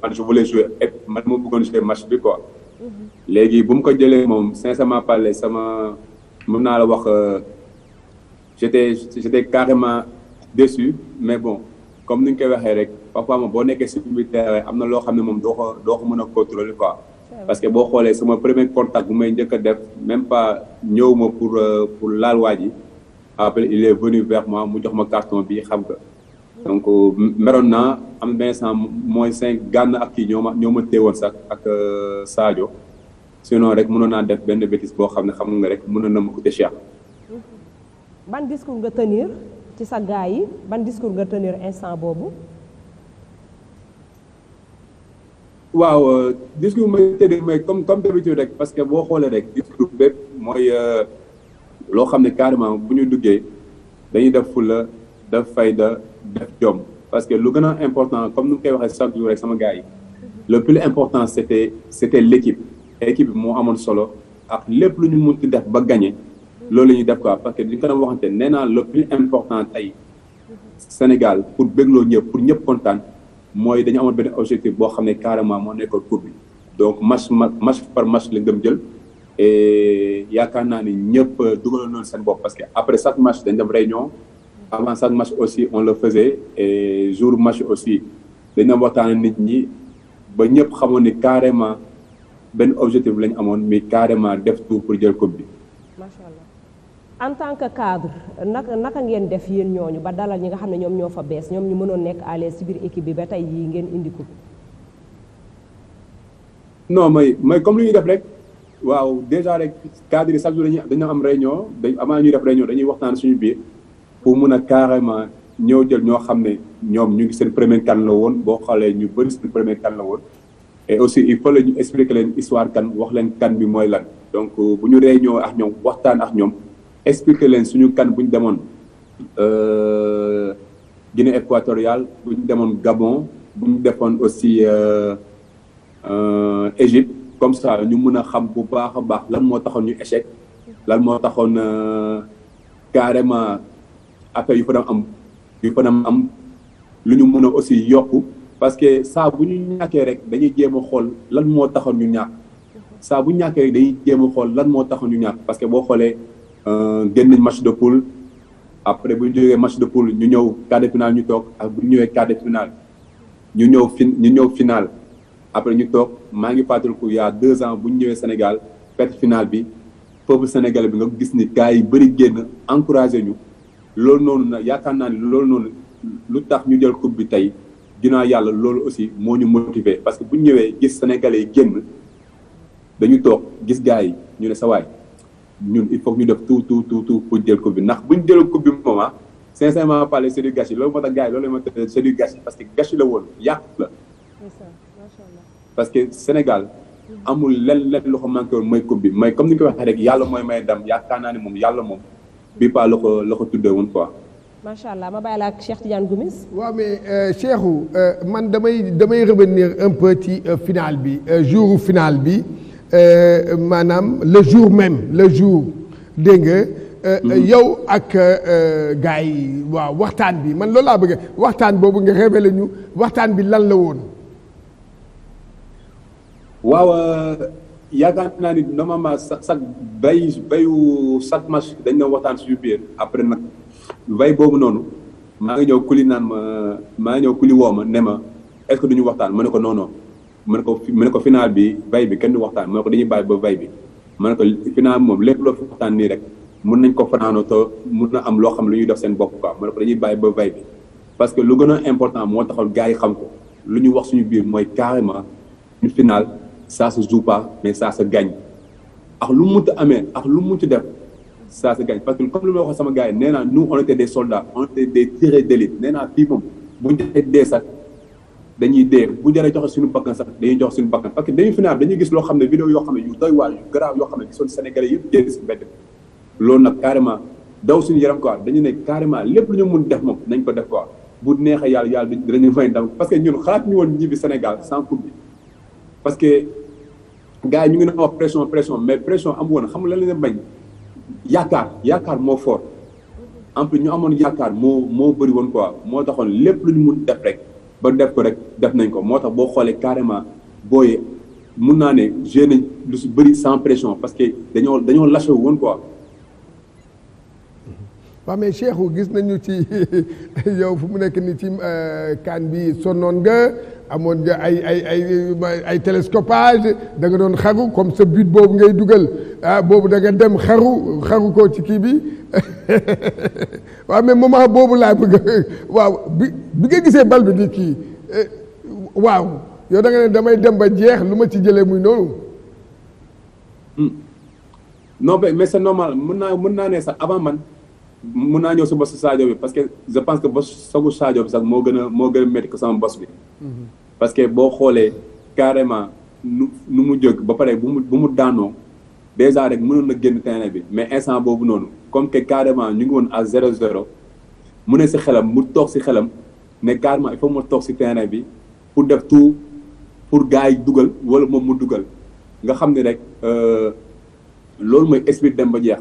man je voulais jouer man ma bëggoon jouer match bi quoi. Mhm. léegi bu mu ko jëlee moom sincèrement parler sama mën naa la wax euh, j'étais j'étais carrément déçu mais bon comme ni ñu koy waxee rek. parfois moom boo nekkee si biir terrain am na loo xam ne moom doo ko doo ko mën a contrôler quoi. parce que boo xoolee sama premier contact bu may njëkk a def même pas ñëw ma pour euh, pour laal waa ji après il est venu vers moi mu jox ma carton bi xam nga. donc euh, meroon naa am benn sens mooy cinq gànn ak kii ñoo ma ñoo ma téewoon sax ak euh, Sadio sinon rek mënoon naa def benn bêtise boo xam ne xam nga rek mënoon na ma coûter cher. ban discours nga tenir ci sa gars yi ban discours nga tenir instant boobu. waaw euh, discours mooy tëdd mais comme comme d'habitude rek parce que boo xoolee rek discours bépp mooy euh, loo xam ne carrément bu ñu duggee dañuy def fulla def fayda def jom parce que lu gën a important comme nu mu koy waxee chaque jour rek sama gars yi le plus important c' était c' était équipe bi moo amoon solo ak lépp lu ñu mun munti def ba gagné loolu la ñuy def quoi parce que diñu ko doon waxante nee naa le plus important tey Sénégal pour bégloo ñëpp pour ñëpp kontaan mooy dañu amoon benn objectif boo xam ne carrément moo nekkoon coupe bi donc match match par match lañ dem jël et yaakaar naa ni ñëpp dugaloon noonu seen bopp parce que après chaque match dañ dem réunion avant chaque match aussi on le faisait et jour match aussi dañ dem waxtaan nit ñi ba ñëpp xamoon ni carrément benn objectif lañ amoon mais carrément def tout pour jël coupe bi en tant que cadre naka naka ngeen def yéen ñooñu ba dalal ñi nga xam ne ñoom ñoo fa bees ñoom ñu mënoon nekk à l'aise ci biir équipe bi ba tey yii ngeen indi ko. non mooy mooy comme lu ñuy def rek waaw déjà rek cadre yi chaque jour dañuy dañoo am réunion dañ avant ñuy def réunion dañuy waxtaan suñu biir pour mun a carrément ñëw jël ñoo xam ne ñoom ñu ngi seen premier kan la woon boo xoolee ñu bëri seen premier la woon. et aussi il ñu expliquer leen histoire kan wax leen kan bi mooy lan donc bu ñu réunion ak ñoom waxtaan ak ñoom. expliquer leen suñu kan bu ñu demoon euh, Guinée équatoriale bu demoon Gabon bu ñu defoon aussi euh, euh, Égypte comme ça ñu mën a xam bu baax a baax lan moo taxoon ñu échec lan moo taxoon carrément affaire yu fa dam am yu fa dam am lu ñu mën a aussi yokku parce que saabu ñu ñàkkee rek dañuy jéem a xool lan moo taxoon ñu ñàkk saa bu ñàkkee dañuy jéem xool lan moo taxoon ñu ñàkk parce que boo xoolee Euh, génn nañ match de poule après bu ñu jógee match de poule ñu ñëw quart de finale ñu ak bu ñëwee quart de ñu ñëw fin ñu ñëw finale après ñu toog maa ngi fàttaliku il y a deux ans bu ñu ñëwee Sénégal perte finale bi foofu Sénégal bi nga gis ni gars yi bëri génn encouragé ñu loolu noonu nag yaakaar naa ni loolu noonu lu tax ñu jël coupe bi tey dinaa yàlla loolu aussi moo ñu motiver parce que bu ñu ñëwee gis Sénégalais yi génn dañu toog gis gars yi ñu ne sa ñun il faut que ñu def tout tout tout tout pour jël coupe bi ndax bu ñu jël coupe bi moment sincèrement parler c'est du gâchis loolu moo tax gars yi loolu la ma tëddee c'est que gâchis la woon yàq la. parce que Sénégal amul lenn lenn lu ko manqué woon mooy coupe bi comme ni ko waxee rek yàlla mooy may dam yaakaar naa moom yàlla moom bii pas la ko la ko tuddee woon quoi. macha allah ma bàyyi la ak Cheikh Tidiane Gomis. waaw mais euh, Cheikhou euh, man damay damay revenir un peu ci euh, bi jour final bi. Euh, maanaam le jour même le jour dégg nga. Euh, mm-hmm. yow ak euh, gars yi waaw waxtaan bi man loolu laa bëgg waxtaan boobu nga révélé ñu waxtaan bi lan la woon. waaw yaakaar naa ni normalement sax sax bay bayu chaque match dañ doon waxtaan suñu biir après nag bay boobu noonu maa ngi ñëw kuli naan ma maa ngi ñëw kuli woo ma ne ma est-ce duñu waxtaan mu ne ko non ma ne ko ma ne ko final bi vay bi kenn waxtaan ma ko dañuy bàyyi ba vay bi ma ne ko final bi moom lépp loo fi waxtaan nii rek mun nañ ko fanaanoo te mun na am loo xam lu ñuy def seen bopp quoi ma ne dañuy bàyyi ba vay bi parce que lu gën a important moo taxal gars yi xam ko lu ñu wax suñu biir mooy carrément une finaal ça se joue pas mais ça se gagne ak lu mu munti amee ak lu mu munti def ça se gagne parce que comme li ma waxoon sama gars yi nee naa nous on des soldats dee sax dañuy dee bu jaree joxe suñu bakkan sax dañuy joxe suñu bakkan parce que dañuy final gis loo xam ne vidéo yoo xam ne yu doy waar yu yoo xam ne gisoon sénégalais yëpp dee si mbedd loolu nag carrément daw suñu yaram quoi dañu ne carrément lépp lu ñu mun def moom nañ ko def quoi bu neexee yàlla yàlla dinañu may ndam parce que ñun xalaat ñu woon ñibbi Sénégal sans coupe bi parce que gars yi ñu ngi doon wax pression pression mais pression am woon xam la leen bañ yaakaar yaakaar moo fort en plus ñu amoon yaakaar moo moo bëri woon moo taxoon lépp lu ñu mun def rek ba def ko rek def nañ ko moo tax boo xoolee carrément booyee mun naa ne joué nañ lu si bëri sans pression parce que dañoo dañoo lâché wu woon quoi. Mm-hmm. waaw mais Cheikhou gis nañu ci *laughs* yow fu mu nekk ni ci kaan euh, bi sonnoon nga. amoon nga ay ay ay ay télescopage da nga doon xaru comme sa but boobu ngay dugal ah boobu da dem xaru xaru koo ci kii bi *laughs* waaw mais moment boobu laa waaw bi gisee bal bi kii eh, waaw yow da nga ne damay dem ba jeex lu ma ci jëlee muy noonu. Hmm. non mais c'est normal mën naa mën naa ne sax avant man. mun naa ñëw si bosu Sadio bi parce que je pense que bos sagu Sadio bi sax moo gën a moo gën a métti ko sama bos bi mm-hmm. parce que boo xoolee carrément nu nu mu jóg ba pare bu mu bu mu daanoo déjà rek mënoon na génn terrain bi mais instant boobu noonu comme que carrément ñu ngi woon a zéro zéro mu ne si xelam mu toog si xelam ne carrément il faut ma toog si terrain bi pour def tout pour gars yi dugal wala moom mu dugal nga xam ne rek euh, loolu mooy esprit dem ba jeex.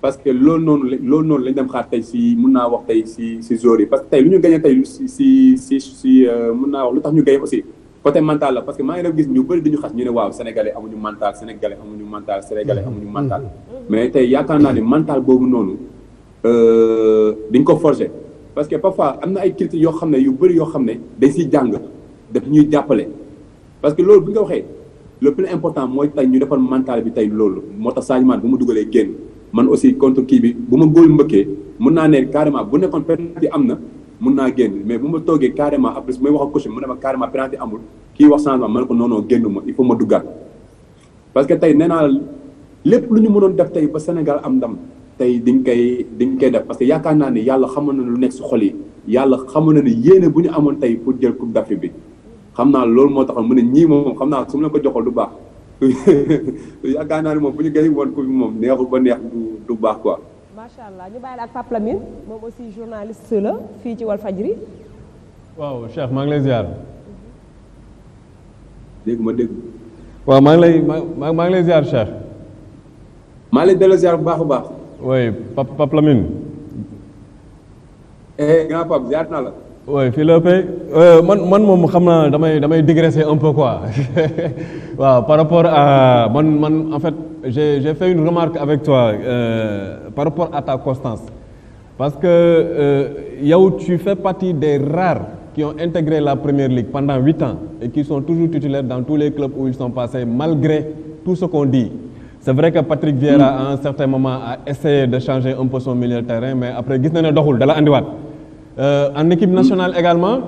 parce que loolu noonu la loolu noonu lañ dem xaar tey si mun naa wax tey si si joueurs parce que tey lu ñu gagné tey si si si si euh, mun naa wax lu tax ñu gagné aussi côté mental la parce que maa ngi def gis ñu bëri dañu xas ñu ne waaw sénégalais amuñu mental sénégalais amuñu mental sénégalais mm-hmm. amuñu mental mm-hmm. mais tey yaakaar naa ne mental boobu noonu euh, dañ ko forger parce que parfois am na ay critiques yoo xam ne yu bëri yoo xam ne dañ si jàng daf ñuy jàppale parce que loolu bi nga waxee le plus important mooy tey ñu defar mental bi tey loolu moo tax changement bu mu dugalee génn man aussi contre kii bi bu ma góol mbëkkee mun naa ne carrément bu nekkoon penalty am na mun naa génn mais bu ma toogee carrément après may wax ak coach ne ma carrément penalty amul kii wax changement man ko non non génn ma il faut ma duggaat parce que tey nee naa lépp lu ñu mënoon def tey ba Sénégal am ndam tey diñ koy diñ koy def parce que yaakaar naa ni yàlla xamoon na lu nekk si xol yi yàlla xamoon na ne yéene bu ñu amoon tey pour jël ku d'Afrique bi xam naa loolu moo tax mu ne ñii moom xam naa su ma leen ko joxo lu baax *laughs* yaakaar naa ne moom bu ñu gën woon ko bi moom neexul ba neex du du baax quoi. macha allah ñu bàyyi la ak la fii ci Walfadjri. waaw Cheikh maa ngi lay ziar. dégg ma dégg. waaw maa ngi lay maa maa ngi lay ziar Cheikh. maa ngi lay delloo ziar bu baax a baax. oui Pape Pape Lamine. eh la. oui Philopé euh, man man moom xam naa damay damay digresser un peu quoi *laughs* waaw par rapport à man man en fait j'ai j'ai fait une remarque avec toi euh, par rapport à ta constance parce que euh, yow tu fais partie des rares qui ont intégré la première ligue pendant huit ans et qui sont toujours titulaires dans tous les clubs où ils sont passés malgré tout ce qu'on dit c'est vrai que Patrick Vieira à un certain moment a essayé de changer un peu son milieu terrain mais après gis na ne doxul dala andiwaat Euh, en équipe nationale également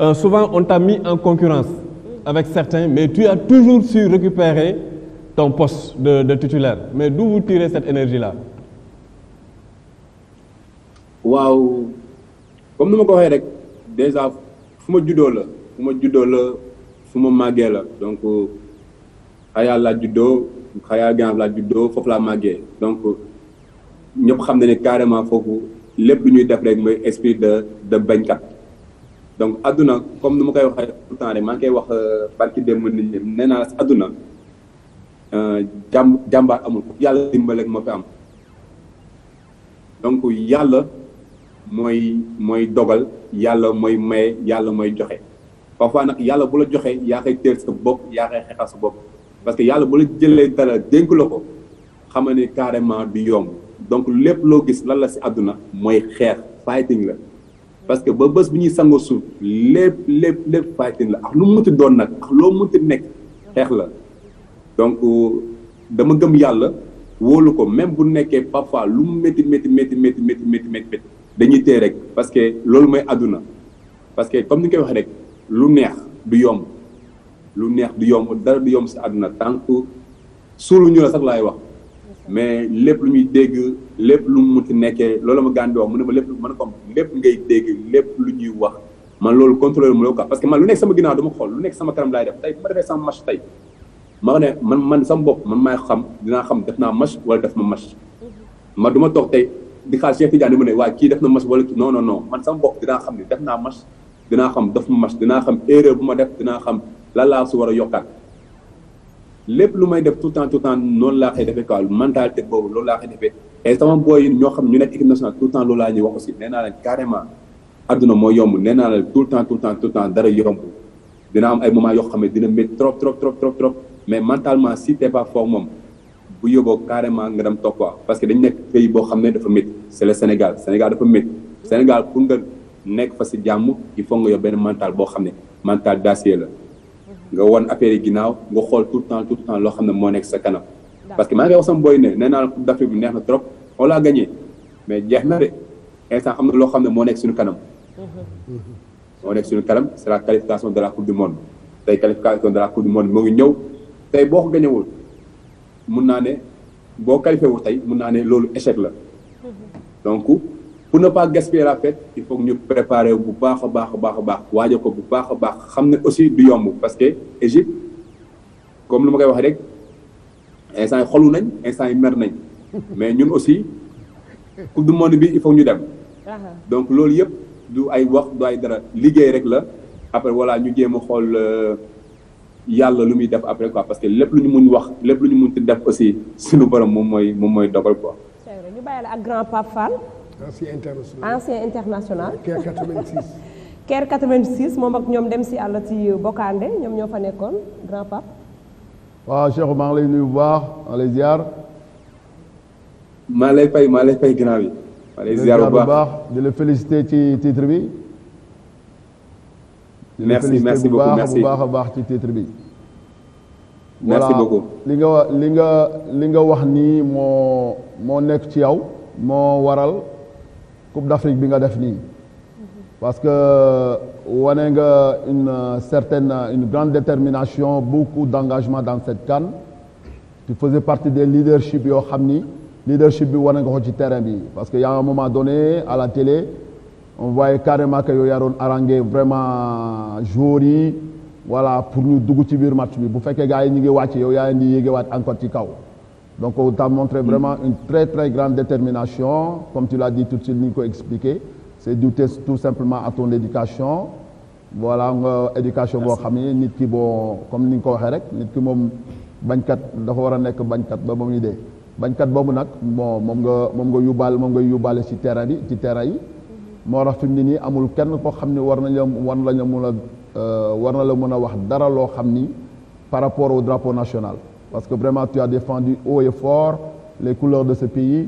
euh, souvent on t'a mis en concurrence avec certains mais tu as toujours su récupérer ton poste de de titulaire mais d'où vous tirez cette énergie là. waaw comme ni ma ko waxee rek déjà fu ma juddoo la fu ma juddoo la fu ma màggee la donc euh, xayaal laa juddoo xayaal gànnaar laa juddoo foofu laa màggee donc ñëpp xam na ne carrément foofu. lépp lu ñuy def rek mooy esprit de de bañkat donc adduna comme nu ma koy waxee pourtant rek maa ngi koy wax euh, barki démb mën ñi nee naa si adduna euh, jàmb jàmbaar amul yàlla dimbale moo fi am donc yàlla mooy mooy dogal yàlla mooy maye yàlla mooy joxe parfois nag yàlla bu la joxee yaa koy teel sa bopp yaa koy xeexal sa bopp parce que yàlla bu la jëlee dara dénk la ko xam ne carrément du yomb donc lépp loo gis lan la si àdduna mooy xeex fighting la parce que ba bés bi ñuy sangoo suuf lépp lépp lépp fighting la ak lu mu munti doon nag ak loo munti nekk xeex la donc dama gëm yàlla wóolu ko même bu nekkee parfois lu mu métti métti métti métti métti métti métti dañuy tee rek parce que loolu mooy àdduna parce que comme ni koy waxee rek lu neex du yomb lu neex du yomb dara du yomb si àdduna tant que suulu ñu la sax laay wax mais lépp lu ñuy dégg lépp lu mu munti nekkee loolu ma gaan di wax mu ne ma lépp lu man comme lépp ngay dégg lépp lu ñuy wax man loolu contrôlé mu la quoi parce que man lu nekk sama ginnaaw dama xool nekk sama kanam laay def tey ma ne man man sama bopp man maay xam dinaa xam def naa wala def ma match ma duma ma toog tey di xaar Cheikh Tidiane mu ne waaye kii def na match wala non non non man sama bopp dinaa xam ne def naa match dinaa xam def ma match dinaa xam erreur bu ma def dinaa xam lan laa su war a yokkaat lépp lu may def tout le temps tout le temps noonu laa koy defee quoi mentalité boobu loolu laa koy defee et sama ñoo xam ñu nekk équipe nationale tout le temps loolu laa ñuy wax aussi nee naa leen carrément adduna moo yomb nee naa leen tout le temps tout le temps tout le temps am ay moments yoo xam ne dina métti trop trop trop trop trop mais mentalement si t'es pas fort moom bu yóbboo carrément nga dem toog parce que dañ nekk pays boo xam ne dafa métti c'est le Sénégal Sénégal dafa métti Sénégal pour nga nekk fa si jàmm il faut nga yor benn mental boo xam ne mental d'acier la nga won affaire yi ginnaaw nga xool tout le temps tout loo xam ne moo nekk sa kanam. parce que maa ngi wax sama boy ne nee naa Coupe d'Afrique bi neex na trop on l'a gagné mais jeex na de instant am na loo xam ne moo nekk suñu kanam. Mm-hmm. moo nekk suñu kanam c'est la qualification de la coupe du monde tey qualification de la du monde moo ngi ñëw tey boo ko gañewul mun naa ne boo qualifié wu tey mun naa ne loolu échec la mm-hmm. donc. pour ne pas gaspiller la il faut ñu préparer bu baax a baax a baax a baax waaja ko bu baax a baax xam ne aussi du yomb parce que Égypte comme lu ma koy wax rek instant yi xolu nañ instant yi mer nañ mais ñun aussi coupe du monde bi il faut ñu dem uh-huh. donc loolu yëpp du ay wax du ay dara liggéey rek la après voilà ñu jéem a xool euh, yàlla lu muy def après quoi parce que lépp lu ñu mun wax lépp lu ñu mun ti def aussi suñu borom moom mooy moom mooy dogal quoi. ancien international ancien international. Caire 86. Caire 86 moom ak ñoom dem si àll ci Bokande ñoom ñoo fa nekkoon grand pape. waaw Cheikh maa ngi lay nuyu bu baax maa lay ziar. maa lay pay maa lay fay ginnaaw bi. maa bu baax di la féliciter ci tiitre bi. merci merci beaucoup merci bu baax a baax ci titre bi. merci li nga li nga li nga wax nii moo moo nekk ci yow moo waral. coupe d'Afrique bi nga def nii parce que wane nga une euh, certaine euh, une grande détermination beaucoup d'engagement dans cette CAN tu faisais partie des leadership yoo xam ni leadership bi wane nga ko ci terrain bi parce que y a moment donné à la télé on voyait carrément que yow yaa doon harangué vraiment euh, joueurs yi voilà pour ñu dugg ci biir match bi bu fekkee gars yi ñu ngi wàcc yow yaa leen di yéegewaat encore ci kaw. donc tu as montré vraiment une très très grande détermination comme tu l'as dit tout de suite ni ñu ko expliqué c'est dû tout simplement à ton éducation voilà nga éducation boo xam ni nit ki boo comme ni nga ko waxee rek nit ki moom bañkat dafa war a nekk bañkat ba moom ñu dee bañkat boobu nag bon moom nga moom nga yóbbaale moom nga yóbbaale si terrain bi ci terrain yi moo tax fi ni ne nii amul kenn koo xam ni war nañ la euh, war na la mun a war na la mën a wax dara loo xam ni par rapport au drapeau national parce que vraiment tu as défendu haut et fort les couleurs de ce pays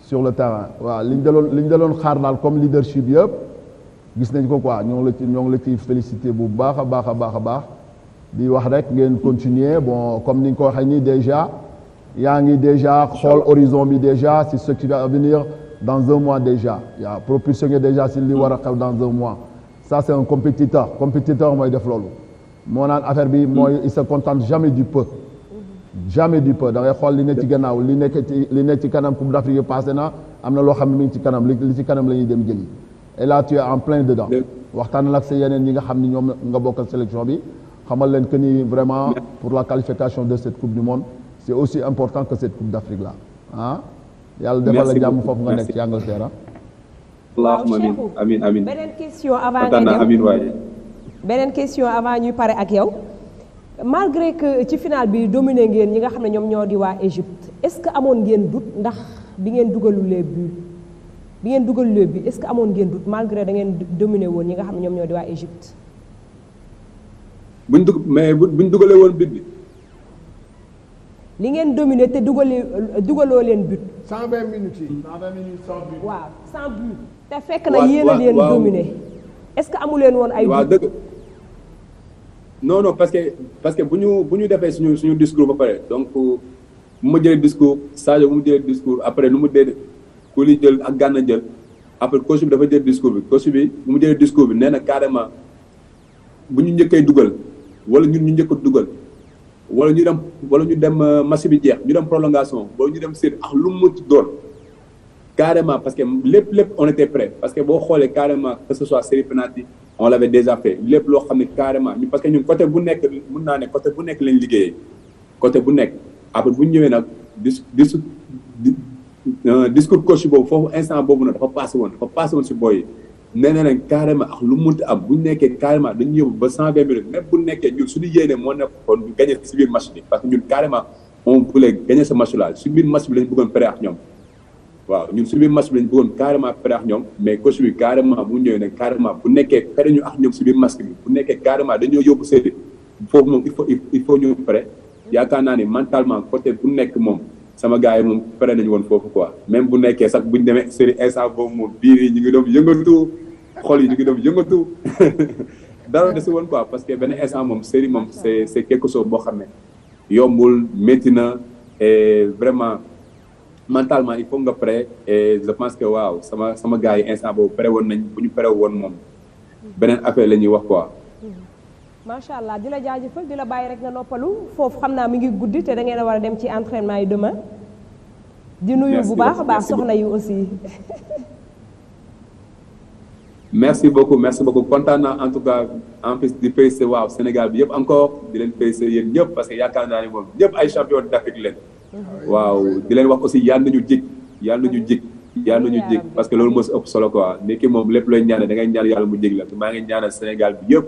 sur le terrain waaw li ñu daloon li ñu daloon xaar daal comme leadership yëpp gis nañ ko quoi ñoo ngi la ci ñoo ngi la ciy félicité bu baax a baax a baax a baax di wax rek ngeen continuer bon comme ni nga ko waxee nii déjà yaa ngi déjà xool orison bi déjà si ce qui va venir dans un mois déjà yaa propulsionné déjà si li war a xew dans un mois ça c'est un compétiteur compétiteur mooy def loolu moo naan affaire bi mooy il se contente jamais du jamais du peu da ngay xool li ne ci gannaaw li nekk ci li nekk ci kanam coupe d'Afrique yi passé na am na loo xam ne mi ngi ci kanam li ci kanam la ñuy dem jëli et là tu es en plein waxtaan ak sa yeneen yi nga xam ni ñoom nga bokkal sélection bi xamal leen que ni vraiment pour la qualification de cette coupe du monde c'est aussi important que cette coupe d'Afrique là ah yàlla defal la jàmm foofu nga nekk ci Angleterre ah amin amin beneen question avant ñuy pare ak yow malgré que ci final bi domine ngeen ñi nga xam ne ñoom ñoo di waa Égypte est-ce que amoon ngeen doute ndax bi ngeen dugalulee but bi ngeen dugalulee bi est-ce que amoon ngeen doute malgré da ngeen dominé woon ñi nga xam ne ñoom ñoo di waa Égypte. buñ dug mais buñ dugalee woon but bi. li ngeen dominé te dugalee dugaloo leen but. 120 minutes yi. 120 minutes waaw te fekk na yéen a leen dominé. est-ce que amu leen woon ay. waaw dëgg. non non parce que parce que bu ñu bu ñu defee suñu suñu discours ba pare donc bu ma jëlee discours Sadio bu mu jëlee discours après nu mu dee li jël ak Gana jël après coach bi dafa jël discours bi coach bi bu mu jëlee discours bi nee na carrément bu ñu njëkkee dugal wala ñun ñu njëkk a dugal wala ñu dem wala ñu dem euh, match bi jeex ñu dem prolongation wala ñu dem séet ak lu mu ci doon. carrément parce que lépp lépp on était prêt parce que boo xoolee carrément que ce soit série penalty on l'avait déjà fait lépp loo xam ne carrément ñu parce que ñun côté bu nekk mën naa ne côté bu nekk lañ liggéeyee côté bu nekk après bu ñëwee nag dis dis euh, boobu foofu instant boobu nag dafa passé woon dafa passé woon si booy yi nee na leen carrément ak lu munti am bu ñu nekkee carrément dañu yóbbu ba cent vingt minutes même bu nekkee ñun suñu yéene moo nekkoon ñu gagné parce que ñun carrément on voulait si biir match bi lañ bëggoon pare ak ñoom waaw ñun suñu biir match bi lañ bëggoon carrément pare ak ñoom mais coach bi carrément bu ñëwee ne carrément bu nekkee pare ñu ak ñoom suñu biir match bi bu nekkee carrément dañoo yóbbu série foofu moom il faut il faut ñu pare yaakaar naa ni mentalement côté bu nekk moom sama gars yi moom pare nañu woon foofu quoi même bu nekkee sax buñ demee série instant boobu moom biir yi ñu ngi doon yëngatu xol yi ñu ngi doon yëngatu *laughs* dara desu woon quoi parce que benn instant moom série moom c'est c'est boo xam ne yombul métti na vraiment mentalement il faut nga prêt et je pense que waaw sama sama gars yi instant boobu pare woon nañ bu ñu prêt woon moom beneen affaire la ñuy wax quoi. Hmm. macha allah di la jaajëfal di la bàyyi rek nga noppalu foofu xam naa mi ngi guddi te da ngeen a war a dem ci entraînement yi demain. di nuyu bu baax a baax soxna yi aussi. *laughs* merci beaucoup merci beaucoup kontaan en tout cas en plus di féliciter waaw Sénégal bi yëpp encore di leen féliciter yéen ñëpp parce que yaakaar naa ne moom ñëpp ay champion d'Afrique leen. waaw di leen wax aussi yàlla nañu jig yàlla nañu jig yàlla nañu jig parce que loolu moo si ëpp solo quoi nit ki moom lépp looy ñaane da ngay ñaan yàlla mu jig la te maa ngi ñaanal Sénégal bi yëpp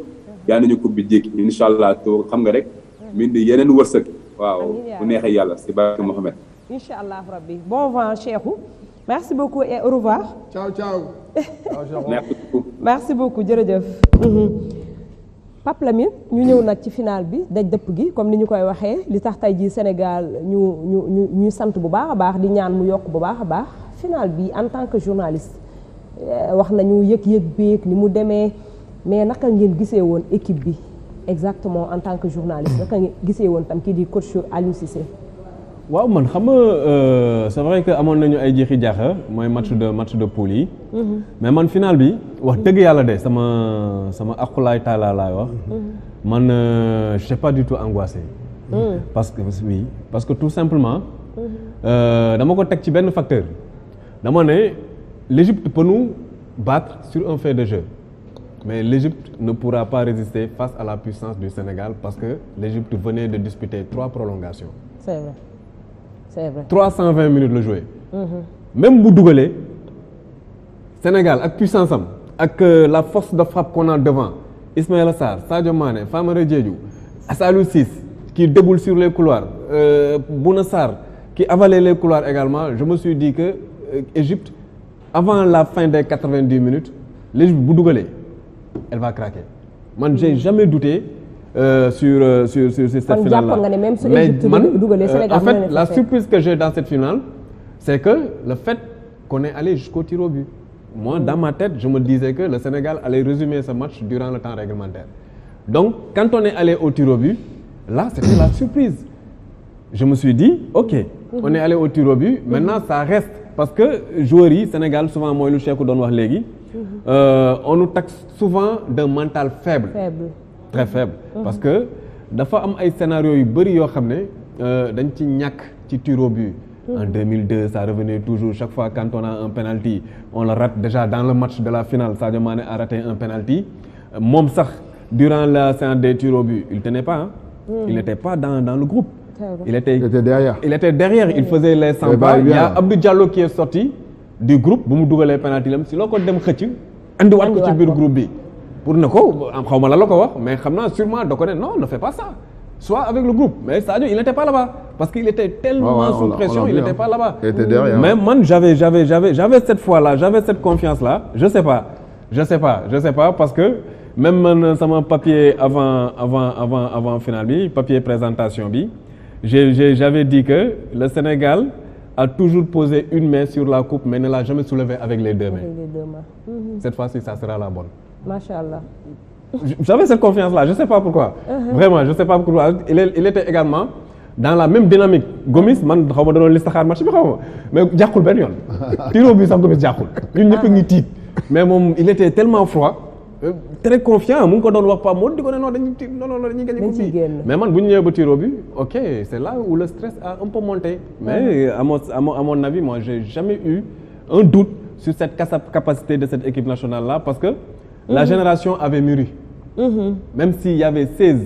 yàlla nañu coupe bi jig incha allah to xam nga rek min di yeneen wërsëg waaw bu neexee yàlla si barke Mohamed incha allah rabbi bon vent Cheikhou merci beaucoup et au revoir. ciao ciao. *laughs* merci beaucoup. merci beaucoup jërëjëf. Pape Lamine ñu ñëw nag ci final bi daj dëpp gi comme ni ñu koy waxee li tax tey jii Sénégal ñu ñu ñu ñu sant bu baax a baax di ñaan mu yokk bu baax a baax final bi en tant que journaliste eh, wax nañu yëg-yëg beeg ni mu demee mais naka ngeen gisee woon équipe bi exactement en tant que journaliste naka ngeen gisee woon tam kii di coach Aliou Cissé waaw man xam nga euh, c'est vrai que amoon nañu ay jeexi jaaxa mooy match de match de poule yi. Mhm. mais man final bi wax dëgg mhm. yàlla de sama sama akulaay taala laay wax. Mhm. man euh, je suis pas du tout angoissé. parce que oui parce que tout simplement. Euh, dama ko teg ci benn facteur. dama ne l'Égypte peut nous battre sur un fait de jeu. Mais l'Égypte ne pourra pas résister face à la puissance du Sénégal parce que l'Égypte venait de disputer trois prolongations. c'est vrai 320 minutes la joué. Mhm. même bu dugalee Sénégal ak puissance am ak euh, la force de frappe qu'on a devant Ismaïla Sarr Sadio Mané Famara Diédhiou Salou Ciss qui déboule sur les couloirs euh, Bouna Sarr qui avalait les couloirs également je me suis dit que euh, Égypte avant la fin des 90 minutes l'Égypte bu dugalee elle craquer man j'ai mhm. jamais douté Euh, euh, sur sur sur cette finale là mais man euh, en fait la surprise que j'ai dans cette finale c'est que le fait qu'on est allé jusqu'au tir au but moi dans ma tête je me disais que le Sénégal allait résumer ce match durant le temps réglementaire donc quand on est allé au tir au but là c'était la surprise je me suis dit ok on est allé au tir au maintenant ça reste parce que joueurs yi Sénégal souvent mooy lu Cheikhou doon wax léegi mhm. on nous taxe souvent d'un mental faible, faible. très mhm. faible mhm. parce que dafa am ay scénario yu bëri yoo xam ne euh, dañ ci ñàkk ci tiro but mhm. en 2002 ça revenait toujours chaque fois quand on a un penalty on le rate déjà dans le match de la finale Sadio Mané a raté un penalty euh, moom sax durant la séance des tirs au but il tenait pas il n'était pas dans dans le groupe il était derrière il, était derrière. il faisait les 100 pas il y a Abdou Diallo du groupe bu mu dugalee penalty lam si loo ko dem xëcc andiwaat ko ci biir groupe bi pour ne ko am xaw ma la la ko wax mais xam naa sûrement da ko ne non ne fais pas ça soit avec le groupe mais Sadio il n'était pas là-bas parce qu'il était tellement ouais, ouais, sous pression il n'était pas là-bas mais man j'avais j'avais j'avais j'avais cette foi-là j'avais je sais pas je sais pas je sais pas parce que même man sama papier avant avant avant avant finale bi papier présentation bi j'ai j'avais di que le Sénégal a toujours posé une main sur la coupe mais ne l'a jamais soulevée avec les deux mains mhm. cette fois-ci ça sera la bonne macha allah. j'avais cette confiance la je sais pas pourquoi. Uh-huh. vraiment je sais pas pourquoi il est il était également. dans la même dynamique Gomis man xaw ma da doon listaxaar match bi xaw ma mais jàqul benn yoon tiro *laughs* bi sax Gomis jàqul ñun ñëpp ngi ah. tiit mais moom il était tellement froid euh, très confiant mu ngi ko doon wax pas moom di ko ne non dañuy tiit non non dañuy gagné ko mais man bu ñu ñëwee ba tiro bi ok c'est là où le stress a un peu monté mais uh-huh. à mon à mon avis parce que La mhm. génération avait mûri. Mhm. Même si y avait 16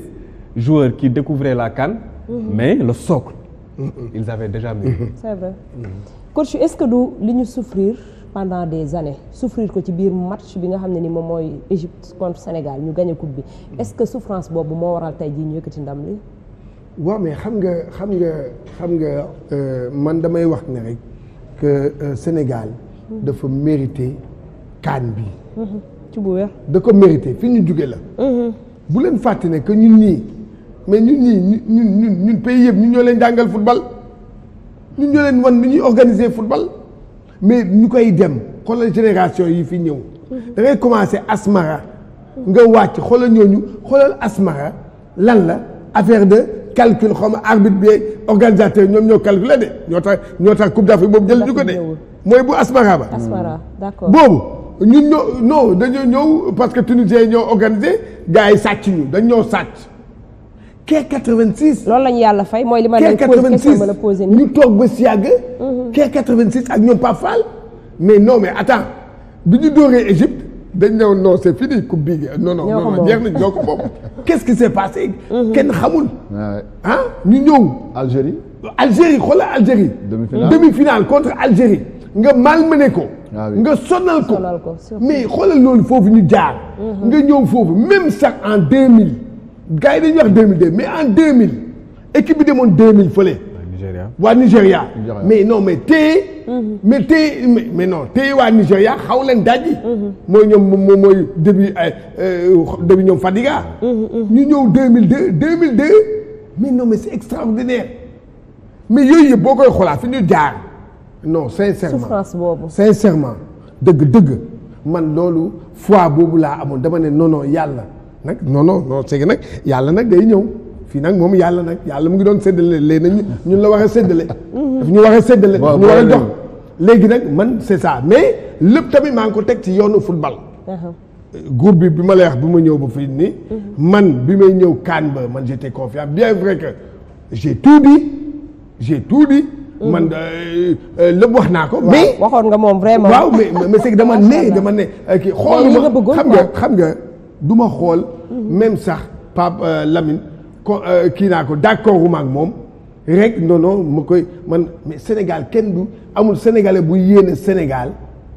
joueurs qui découvraient la CAN, mhm. mais le socle, ils avaient déjà mûri. C'est vrai. est-ce que du li ñu souffrir pendant des années souffrir ko ci biir match bi nga xam ne ni moom mooy Égypte contre Sénégal ñu gagné coupe bi est-ce que souffrance boobu moo waral tey jii ñu yëkkati ndam li waaw mais xam nga xam nga xam nga euh, man damay wax ne rek que euh, Sénégal dafa mérité CAN bi ci bu wér da ko mérité fi ñu jóge la. Mhm. bu leen fàtte ne que ñu ñii mais ñun ñii ñun ñun ñun pays yëpp ñu ñoo leen jàngal football ñun ñoo leen wan nu ñuy organiser football mais ñu koy dem xoolal génération yi fi ñëw. Mhm. dangay ngay commencé asmara. nga wàcc xoolal ñu xoolal asmara lan la affaire de calcul xaw ma arbitre bi organisateur ñoom ñoo calculé de ñoo tax ñoo tax coupe d'Afrique boobu jël ñu ko de. mooy bu asmara ba. asmara d'accord boobu. ñun ñoo non dañoo ñëw parce que tu yi ñoo organisé gars yi sàcc ñu dañ ñoo sàcc. K 86. loolu la ñu yàlla fay mooy li ma lay posé ñu toog ba si yàgg. Mhm. K ak ñoom Pape Fall. mais non mais attends bi ñu dóoree Égypte dañ ñëw non c' est fini coupe bi non non non jeex na ñoo ko moom. *laughs* qu' est ce qui s' est mhm. kenn xamul. ah ñu ñëw. Algérie. Algérie xoolal Algérie. demi finale demi finale contre Algérie. nga malmené ko. Ah nga sonal ko mais xoolal loolu foofu ñu jaar. Mhm. nga ñëw foofu même sax en deux mille. gars yi dañuy wax deux mille deux mais en deux mille équipe bi demoon deux mille fële. waa Nigéria mais non mais téye. Mhm. mais téye mais non téye waa Nigéria xaw leen dajji. Mhm. mooy ñoom moom mooy début ay euh, début ñoom Fadiga. ñu ñëw deux mille deux deux mille deux mais non mais c'est extraordinaire mais yooyu yëpp boo koy xoolaat fi ñu jaar. non sincèrement souffrance boobu sincèrement dëgg-dëgg man loolu fois boobu laa amoon dama ne non yàlla nag non non non nag yàlla nag day ñëw fii nag moom yàlla nag yàlla mu ngi doon séddale léegi nag ñun la war a séddale. Mhm. daf ñu war a séddale. ñu war a jox léegi nag man c'est ça mais lépp tamit maa ngi ko teg ci yoonu football. Uh-huh. groupe bi bi ma lay wax bi ma ñëw ba fii nii. Mhm. man bi may ñëw kaan ba man j'étais confiant bien vrai que j'ai tout dit j'ai tout dit. Mm. man euh, euh, lépp wax naa ko. mais waxoon nga moom vraiment. waaw mais mais c'est dama ne dama ne. Euh, kii xooluma xam nga xam nga du xool. Mm. même sax Pape lamin ko kii naa ko d'accord ak moom. rek non non koy man mais Sénégal kenn du amul sénégalais bu yéene Sénégal.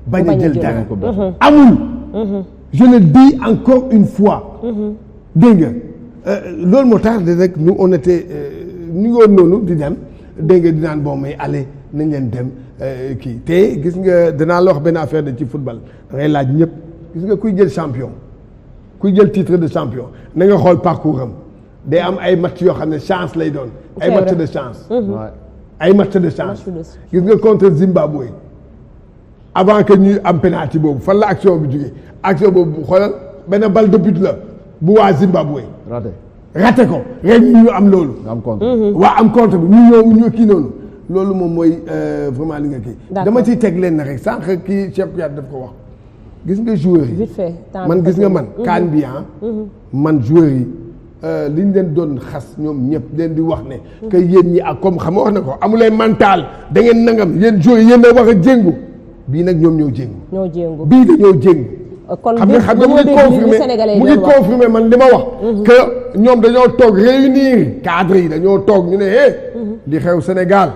bañ a jël dara mm-hmm. amul. Mm-hmm. je le dis encore une fois. Mm-hmm. dégg nga loolu moo tax rek ñu on était ñu noonu di dem. dégg nga naan bon mais ale na leen dem euh, kii te gis nga danaa la wax benn affaire de ci football da laaj ñëpp gis nga kuy jël champion kuy jël titre de champion na nga xool parcours am day am ay match yoo xam ne chance lay doon. ay match de chance. Mhm. ay match de chance. gis nga contre Zimbabwe avant que ñuy am penalty boobu fan la action bi jógee action boobu xoolal benn bal de but la bu waa Zimbabwe. raté ko ren ñu am loolu. nga am compte mhm. waa am compte bi ñu ñëw ñu kii noonu. loolu moom mooy euh, vraiment li nga kii. dama ciy teg leen na rek sànq kii Cheikh Kouyaté daf ko wax. gis nga joueurs yi man gis nga man. Mhm. kaan bi ah. Mhm. man joueurs yi euh, li ñu leen doon xas ñoom ñëpp leen di wax ne. que yéen ñi ak comme xam nga wax ne ko amuleen mental da ngeen nangam yéen joueurs yi yéen a wax a jéngu bii nag ñoom ñëw jéngu. ñoo jéngu bii dañoo jéngu. kon xam ne xam nga mu ngi confirmé man li ma wax. Mhm. que ñoom dañoo toog réunir cadre yi dañoo toog ñu ne eh. Mhm. li xew Sénégal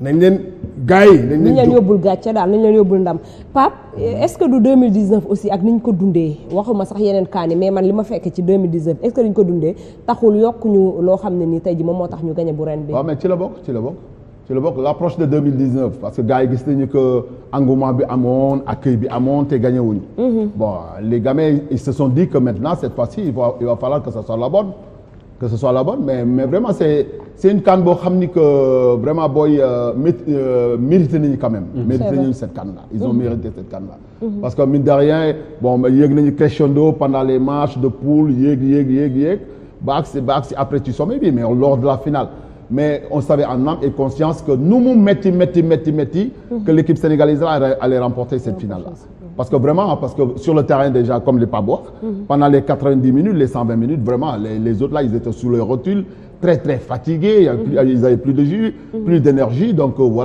nañ leen gars yi. nañ leen yóbbul gàcce daal nañ leen yóbbul ndam Pape est-ce que du 2019 aussi ak ni ko dundee waxuma sax yeneen kaan mais man li ma fekk ci 2019 est que ni ko dundee taxul yokk ñu loo xam ne nii tey ji moom moo tax ñu gañe bu ren bi. waaw mais ci la bokk ci la bokk. ci la bokk l' approche de 2019 parce que gars yi gis nañu que engouement bi amoon accueil bi amoon te gagné wuñu. Mm-hmm. bon li gamins ils se sont dit que maintenant cette fois-ci il va falloir que ça soit la bonne que ce soit la bonne mais mais vraiment c' est boo xam ni que vraiment booy euh, euh, mérité nañu quand même. Mm-hmm. mérité nañu cette CAN là ils ont mm-hmm. mérité cette CAN là. parce que mine de rien bon yéeg nañu crescendo pendant les matchs de poule yéeg yéeg yéeg yéeg ba agsi ba agsi après ci sommet bi mais on savait en que nu mu métti métti métti métti que l'équipe sénégalaise là allait parce que vraiment parce que sur le terrain déjà comme les Pape wax mhm. pendant les 90 minutes les 120 minutes vraiment les, les autres là ils étaient sous le rotule très très fatigués mhm. de mhm. euh,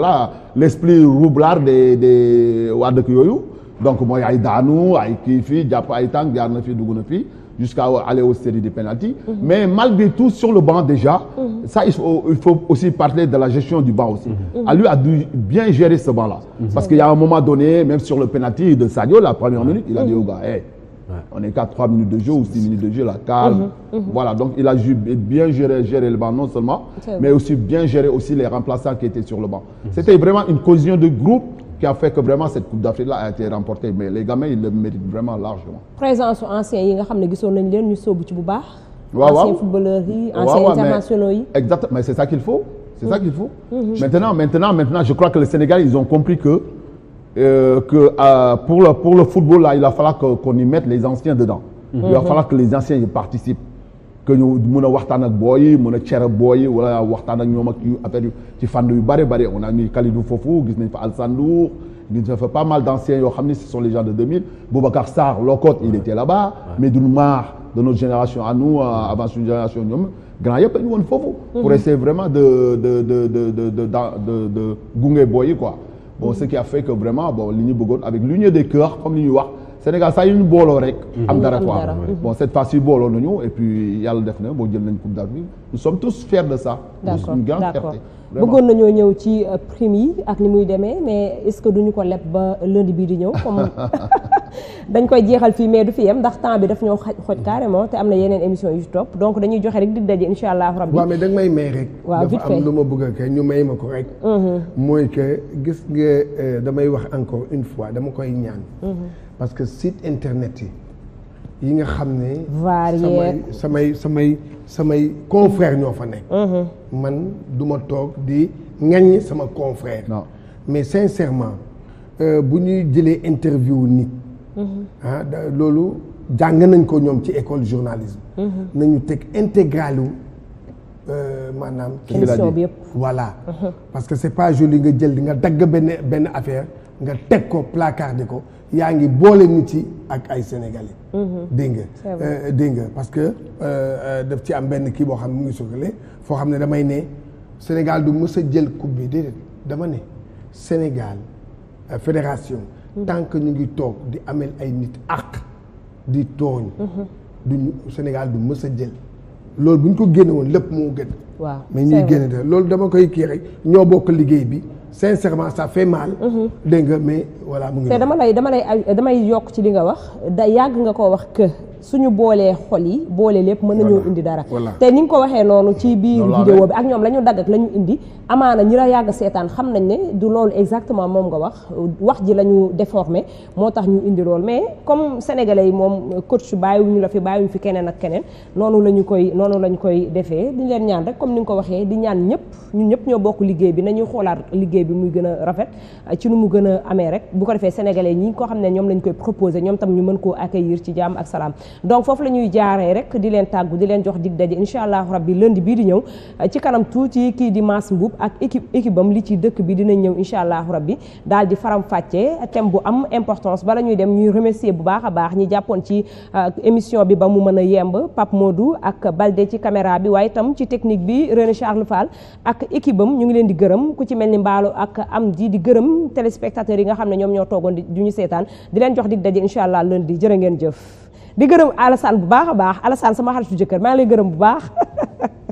des waa dëkk yooyu donc mooy ay daanu kii fii jàpp ay tànk na fii dugg na fii jusqu'à aller aux séries de penalty. Mm -hmm. mais malgré tout sur le banc déjà. Mm -hmm. ça il faut, il faut aussi parler de la gestion du banc aussi. Aliou mhm. a dû bien gérer ce banc là. Mhm. parce qu'il y a un moment donné même sur le penalty de Sadio la première minute il a dit mhm. au gars hey, Ouais. On est qu'à 3 minutes de jeu ou 6 minutes de jeu, la calme. Mmh, mmh. Voilà, donc il a bien géré, géré le banc, non seulement, mais aussi bien géré aussi les remplaçants qui étaient sur le banc. Mmh. C'était vraiment une cohésion de groupe qui a fait que vraiment cette Coupe d'Afrique là a été remportée mais les gamins ils le méritent vraiment largement. présence anciens yi nga xam ne gisoon nañ leen ñu sóobu ci bu baax. waaw waaw anciens footballeurs yi anciens internationaux yi. exactement mais c'est ça qu'il faut. c'est ça mm. qu'il faut. Mm-hmm. maintenant maintenant maintenant je crois que les Sénégalais ils ont compris que. Euh, que euh, pour le pour le football là il va falloir que qu'on y mette les anciens dedans. il va mm-hmm. falloir que les anciens y participent. que ñu mun a waxtaan ak booy mun a cere booy wala waxtaan ak ñoom ak affaire yu ci fànn yu bare bare on a mis gis nañ fa Alassane Ndour gis nañ fa pas mal d'anciens yoo xam ne ce sont les gens de 2000 Boubacar Sarr Lokot il était là-bas Medoun Mar de notre génération à nous avant suñu génération ñoom grand yëpp dañu woon foofu mhm. pour essayer vraiment de de de de de de de de gunge booy yi bon ce qui a fait que vraiment bon li avec l'union des cœurs comme li wax Sénégal saa yu ñu booloo rek. Mhm. am dara quoi mhm. bon cette fois ci booloo nañu et puis yàlla def na boo jël nañ coupe d'Afrique nous sommes tous de ça. d'accord une grande fierté. bëggoon nañoo ñëw ci euh, prime yi ak ni muy demee mais est-ce que duñu ko leb ba lundi bii di ñëw comme *laughs* dañ koy jeexal fii mais du fi yem ndax temps bi daf ñoo xoj carrément te am na yeneen émission yu topp donc dañuy joxe rek di daje insha allah rabbi waaw mais da nga may may rek. waaw dafa am lu ma bëgg a kay ñu may ma ko rek. Mhm. mooy que gis nga euh, damay wax encore une fois dama koy ñaan. parce que site internet yi yi nga xam ne. varié samay samay samay confrère ñoo fa nekk. Mhm. man du toog di ŋaññi sama confrère. non mais sincèrement euh, bu ñuy jëlee interview nit. Mhm. ah loolu jàng nañ ko ñoom ci école journalisme. Mhm. nañu teg intégral wu euh, maanaam. émission bi yëpp voilà. parce que c'est pas joli nga jël di nga dagg benn benn affaire nga teg ko placardé ko. yaa ngi boole ñu ci ak ay sénégalais. Mhm. dégg nga euh, dégg nga parce que euh, euh, daf ci am benn kii boo xam ne mu ngi sukale foo xam ne damay ne Sénégal du mës a jël coupe bi déedéet dama ne Sénégal fédération. Mhm. tant que ñu ngi toog di amel ay nit àq di tooñ. Mhm. duñu Sénégal du mës jël. loolu bu ñu ko génne lépp moo gën. waaw mais ñuy génne loolu dama koy kii rek ñoo bokk liggéey bi. sincèrement ça fait mal. Mhm. dégg nga mais voilà mu ngi. te dama lay dama lay damay yokk ci li nga wax da yàgg nga koo wax kë suñu boolee xol yi boole lépp mën nañoo indi dara te ni nga ko waxee noonu ci biir vidéo bi ak ñoom la ñu dagg ak la indi amaana ñi la yàgg seetaan xam nañ ne du loolu exactement moom nga wax wax ji la ñu déformé moo tax ñu indi loolu mais comme sénégalais yi moom coach bàyyiwuñu la fi bàyyiwuñu fi keneen ak keneen noonu la ñu koy noonu la ñu koy defee di leen ñaan rek comme ni nga ko waxee di ñaan ñëpp ñun ñëpp ñoo bokk liggéey bi nañuy xoolaat liggéey bi muy gën a rafet ci nu mu gën a amee rek bu ko defee sénégalais ñi ko xam ne ñoom lañ koy proposé ñoom tam ñu mën koo accueillir ci jàmm ak salaam donc foofu la ñuy jaaree rek di leen tàggu di leen jox dig daje incha allahu rabbi lundi bii di ñëw ci kanam tuuti kii di Mass Mboup ak équipe équipe li ci dëkk bi dinañ ñëw incha allahu rabbi daal di faram fàccee thème bu am importance bala ñuy dem ñuy remercier bu baax a baax ñi jàppoon ci euh, émission bi ba mu mën a yemb Pape Modou ak Balde ci caméra bi waaye itam ci technique bi René Charles Fall ak équipe ñu ngi leen di gërëm ku ci mel ni mbaalo ak am di di gërëm téléspectateurs yi nga xam ne ñoo toogoon di ñu seetaan di leen jox dig daje incha allah lundi jërë ngeen jëf di gërëm Alassane bu baax a baax Alassane sama xaritu jëkkër maa ngi lay gërëm bu baax *laughs*